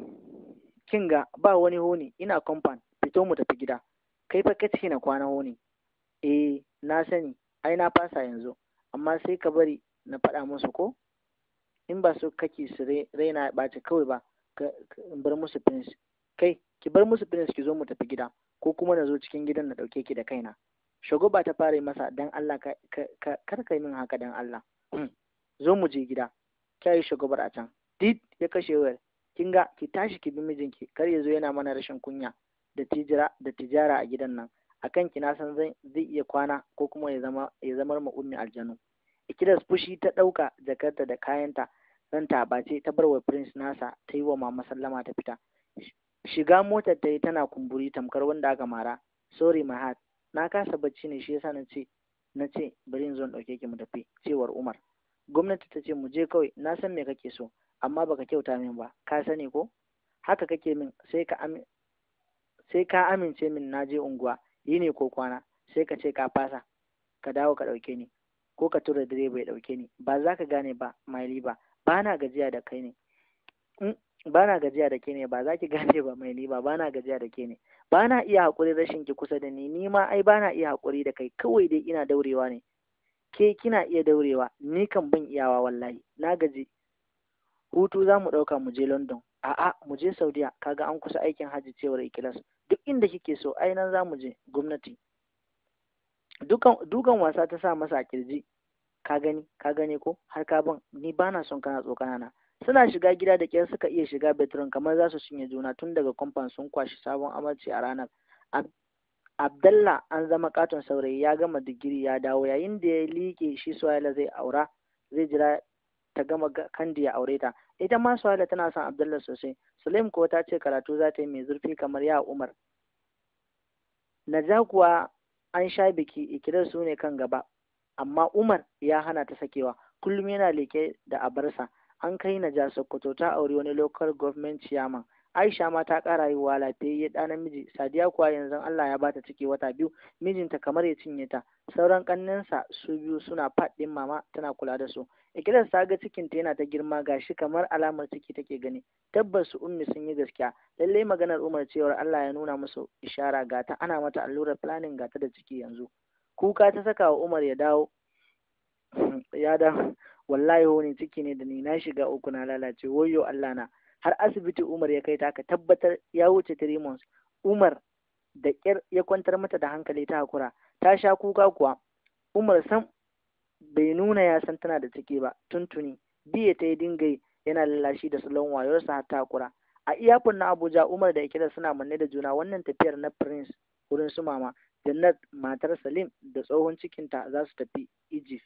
A: kinga ba wani honi ina kwamfan, fito mu tafi gida kai fa kace na kwana honi eh na sani ai na fasa yanzu amma sai ka bari na faɗa musu ko in ba su kake su raina ya kawai ba ka bar musu prince kai ki bar musu prince ki zo mu tafi gida ko kuma na zo cikin gidan na ɗauke ki da kaina ba ta fara yi masa dan Allah kar ka yi min haka dan Allah mm. zo mu je gida kya yi shagobar a can did ya kashe wayar kin ga ki tashi ki bi mijinki kar ya zo yana mana rashin kunya da tijira da tijara a gidan nan a kanki na san zai iya kwana ko kuma ya zama ya zamar ma ummi aljanu ikilas fushi ta ɗauka jakarta da kayanta zan ta ce ta wa prince nasa ta yi wa mama sallama ta fita shiga motar ta yi tana kumburi tamkar wanda aka mara sorry my heart na kasa bacci ne shi yasa na ce na ce bari in zo in ɗauke ki mu tafi cewar umar gwamnati ta ce mu je kawai na san me kake so amma baka kyauta min ba ka sani ko haka kake min sai ka sai ka amince min na je unguwa yi ne ko kwana sai ka ce ka fasa ka dawo ka ɗauke ni ko ka tura direba ya ɗauke ni ba za ka gane ba mai ba ba na gajiya da kai ne mm, ba na gajiya da ke ne ba za ki gane ba mai liba ba na gajiya da ke ne ba na iya haƙuri rashin ki kusa da ni ni ma ai ba na iya haƙuri da kai kawai dai ina daurewa ne ke kina iya daurewa ni kan ban iyawa wallahi na gaji hutu za mu ɗauka mu je london a'a mu je saudiya kaga an kusa aikin hajji cewar ikilas duk inda kike so ai nan za mu je gwamnati dukan wasa ta sa masa kirji ka gani ka gani ko har ka ban ni bana son kana tsokana na suna shiga gida da kyar suka iya shiga bedroom kamar za su cinye juna tun daga kwamfan sun kwashe sabon amarci a ranar abdallah an zama katon saurayi ya gama digiri ya dawo yayin da ya liƙe shi suwaila zai aura zai jira ta gama kandi ya aure ta ita ma Suhaila tana son Abdullah sosai suleim kuwa ta ce karatu za ta yi mai zurfi kamar ya Umar Naja kuwa an sha biki ikirar su ne kan gaba amma Umar ya hana ta sakewa kullum yana leke da abarsa an kai Naja Sokoto ta auri wani local government chairman Aisha ma ta ƙara yi wa lafiyayye ɗa namiji, Sadiya kuwa yanzu Allah ya bata ciki wata biyu, mijinta kamar ya cinye ta, sauran ƙannensa su biyu suna faɗin mama tana kula da su. ikilas taga cikin ta yana ta girma shi kamar alamar ciki take gani tabbas su ummi sun yi gaskiya lallai maganar umar cewar Allah ya nuna musu ishara Ga ta ana mata allurar planning ta da ciki yanzu kuka ta saka wa umar ya dawo ya da wallahi honi ciki ne da ni na shiga uku na lalace wayo Allah na har asibiti umar ya kai ta ka tabbatar ya wuce trimons umar da kyar ya kwantar mata da hankali ta hakura ta sha kuka kuwa umar sam bai nuna ya san tana da ciki ba tuntuni biye ta yi dingai yana lallashi da salon wayarsa har takura a iyakun na abuja umar da ikira suna manne da juna wannan tafiyar na prince wurin su mama jannat matar salim da tsohon cikinta za su tafi egypt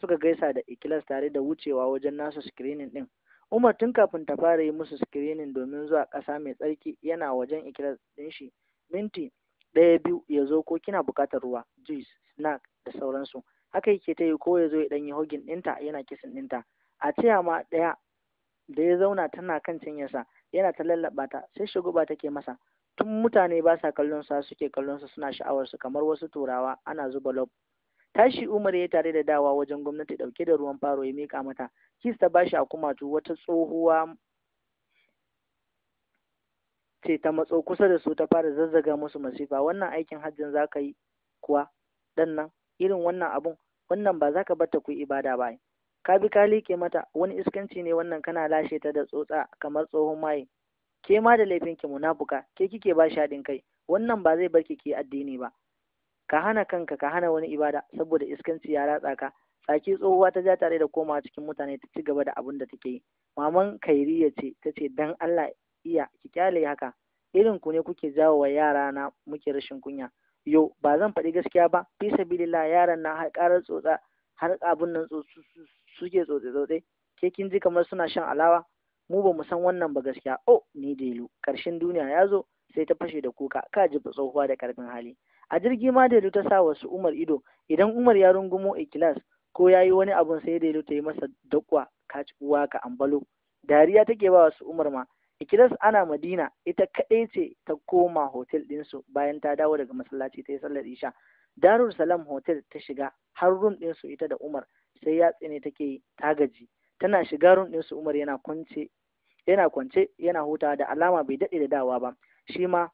A: suka gaisa da ikilas tare da wucewa wajen nasu screening din umar tun kafin ta fara yi musu screening domin zuwa ƙasa mai tsarki yana wajen ikilas din shi minti ɗaya biyu ya zo ko kina buƙatar ruwa juice snack da sauransu haka yake ta yi ko ya zo ya ɗan yi hogin ɗinta yana kisin ɗinta a ciya ma ɗaya da ya zauna tana kan cinyarsa yana ta lallaɓa ta sai shiguba take masa tun mutane ba sa kallon sa suke kallon sa suna sha'awar su kamar wasu turawa ana zuba lob tashi umar ya tare da dawa wajen gwamnati ɗauke da ruwan faro ya mika mata kis ta bashi a kumatu wata tsohuwa ce ta matso kusa da su ta fara zazzaga musu masifa wannan aikin hajjin za ka yi kuwa ɗan nan irin wannan abun wannan ba za ka bar ta ku ibada ba ka bi ka liƙe mata wani iskanci ne wannan kana lashe ta da tsotsa kamar tsohon maye ke ma da laifin ki munafuka ke kike ba shi haɗin kai wannan ba zai bar ki ki addini ba ka hana kanka ka hana wani ibada saboda iskanci ya ratsa ka tsaki tsohuwa ta ja tare da komawa cikin mutane ta ci gaba da abin da take yi maman ya ce ta ce dan Allah iya ki kyale haka irin ku ne kuke jawo wa yara na muke rashin kunya yo ba zan faɗi gaskiya ba fi sabilillah yaran na har ƙarar tsotsa har abun nan suke tsotse tsotse ke kin ji kamar suna shan alawa mu ba mu san wannan ba gaskiya oh ni delu karshen duniya ya zo sai ta fashe da kuka ka ji tsohuwa da karfin hali a jirgi ma delu ta sa wasu umar ido idan umar ya rungumo ikilas ko ya yi wani abun sai delu ta yi masa dakwa ka ci uwa ka ambalo dariya take ba wasu umar ma ikilas ana madina ita kaɗai ce ta koma hotel ɗinsu bayan ta dawo daga masallaci ta yi sallar isha darul salam hotel ta shiga har room ɗinsu ita da umar sai ya tsine take yi ta gaji tana shiga room ɗinsu umar yana kwance yana kwance yana hutawa da alama bai daɗe da dawa ba shi ma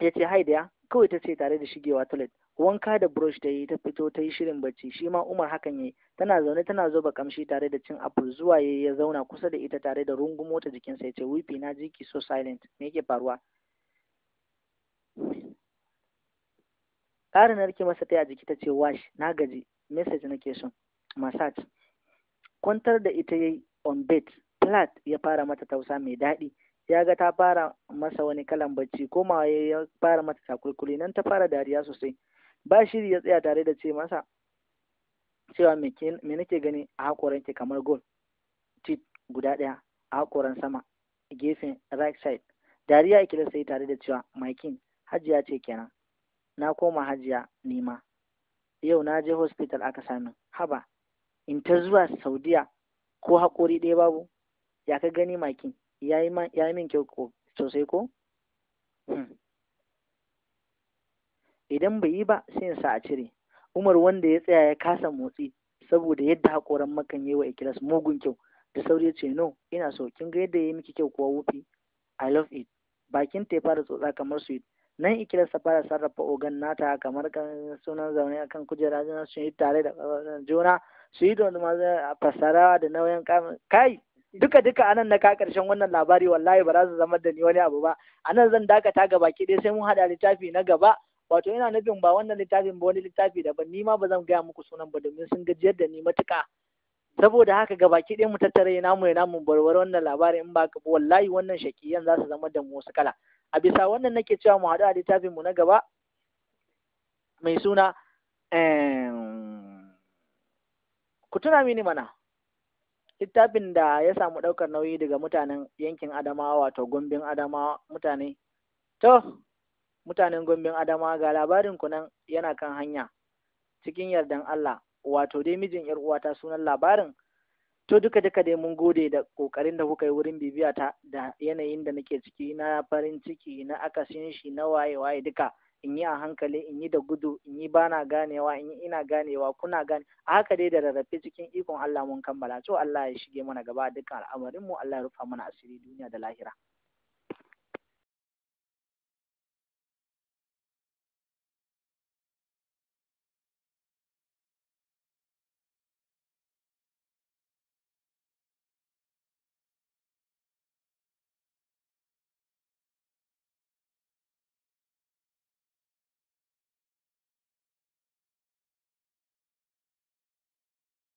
A: ya ce hai kawai ta ce tare da shigewa toilet wanka da brush ta yi ta fito ta yi shirin bacci shi ma umar hakan yayi tana zaune tana zo ba kamshi tare da cin apple zuwa yayi ya zauna kusa da ita tare da rungumota mota jikinsa ya ce wifi na jiki so silent me yake faruwa ƙara narke masa ta jiki ta ce wash na gaji message ke son massage kwantar da ita yayi on bed flat ya fara mata tausa mai daɗi ya ga ta fara masa wani kalan bacci komawa ya fara mata takulkuli nan ta fara dariya sosai ba shiri ya tsaya tare da ce masa cewa me nake gani a hakoran ke kamar gol tit guda ɗaya a hakoran sama gefen right side dariya ikila sai tare da cewa makin hajiya ce kenan na koma hajiya nema yau na je hospital aka sami haba in ta zuwa saudiya ko haƙori ɗaya babu ya ka gani makin ya yi min kyau sosai ko hmm. idan bai yi ba sai in sa a cire umar wanda ya tsaya ya kasa motsi saboda yadda hakoran makan yi wa ikilas mugun kyau da sauri ya ce no ina so kin ga yadda ya yi miki kyau kuwa wufi i love it bakin ta ya fara tsotsa kamar sweet nan ikilas ta fara sarrafa ogan nata kamar kan sunan zaune akan kujera juna sun yi tare da juna su yi don maza fasarawa da nauyin kai duka duka anan na ka karshen wannan labari wallahi ba za su zama da ni wani abu ba anan zan dakata ga baki ɗaya sai mun hada littafi na gaba wato ina nufin ba wannan littafin ba wani littafi daban ni ma ba zan gaya muku sunan ba domin sun gajiyar da ni matuka. saboda haka ga baki ɗaya mu tattara ya namu ya namu barwar wannan labarin in ba ka ba wallahi wannan shakiyan za su zama da mu wasu kala a bisa wannan nake cewa mu haɗu a littafin mu na gaba mai suna ku tuna mini mana littafin da ya samu ɗaukar nauyi daga mutanen yankin adamawa wato gombin adamawa mutane to mutanen gombin adama ga labarin ku nan yana kan hanya cikin yardan Allah wato dai mijin yar uwata sunan labarin to duka duka dai mun gode da kokarin da kuka yi wurin bibiya ta da yanayin da nake ciki na farin ciki na akasin shi na waye waye duka in yi a hankali in yi da gudu in yi bana ganewa in yi ina ganewa kuna gane a haka dai da rarrafe cikin ikon Allah mun kammala to Allah ya shige mana gaba dukkan al'amarin mu Allah ya rufa mana asiri duniya da lahira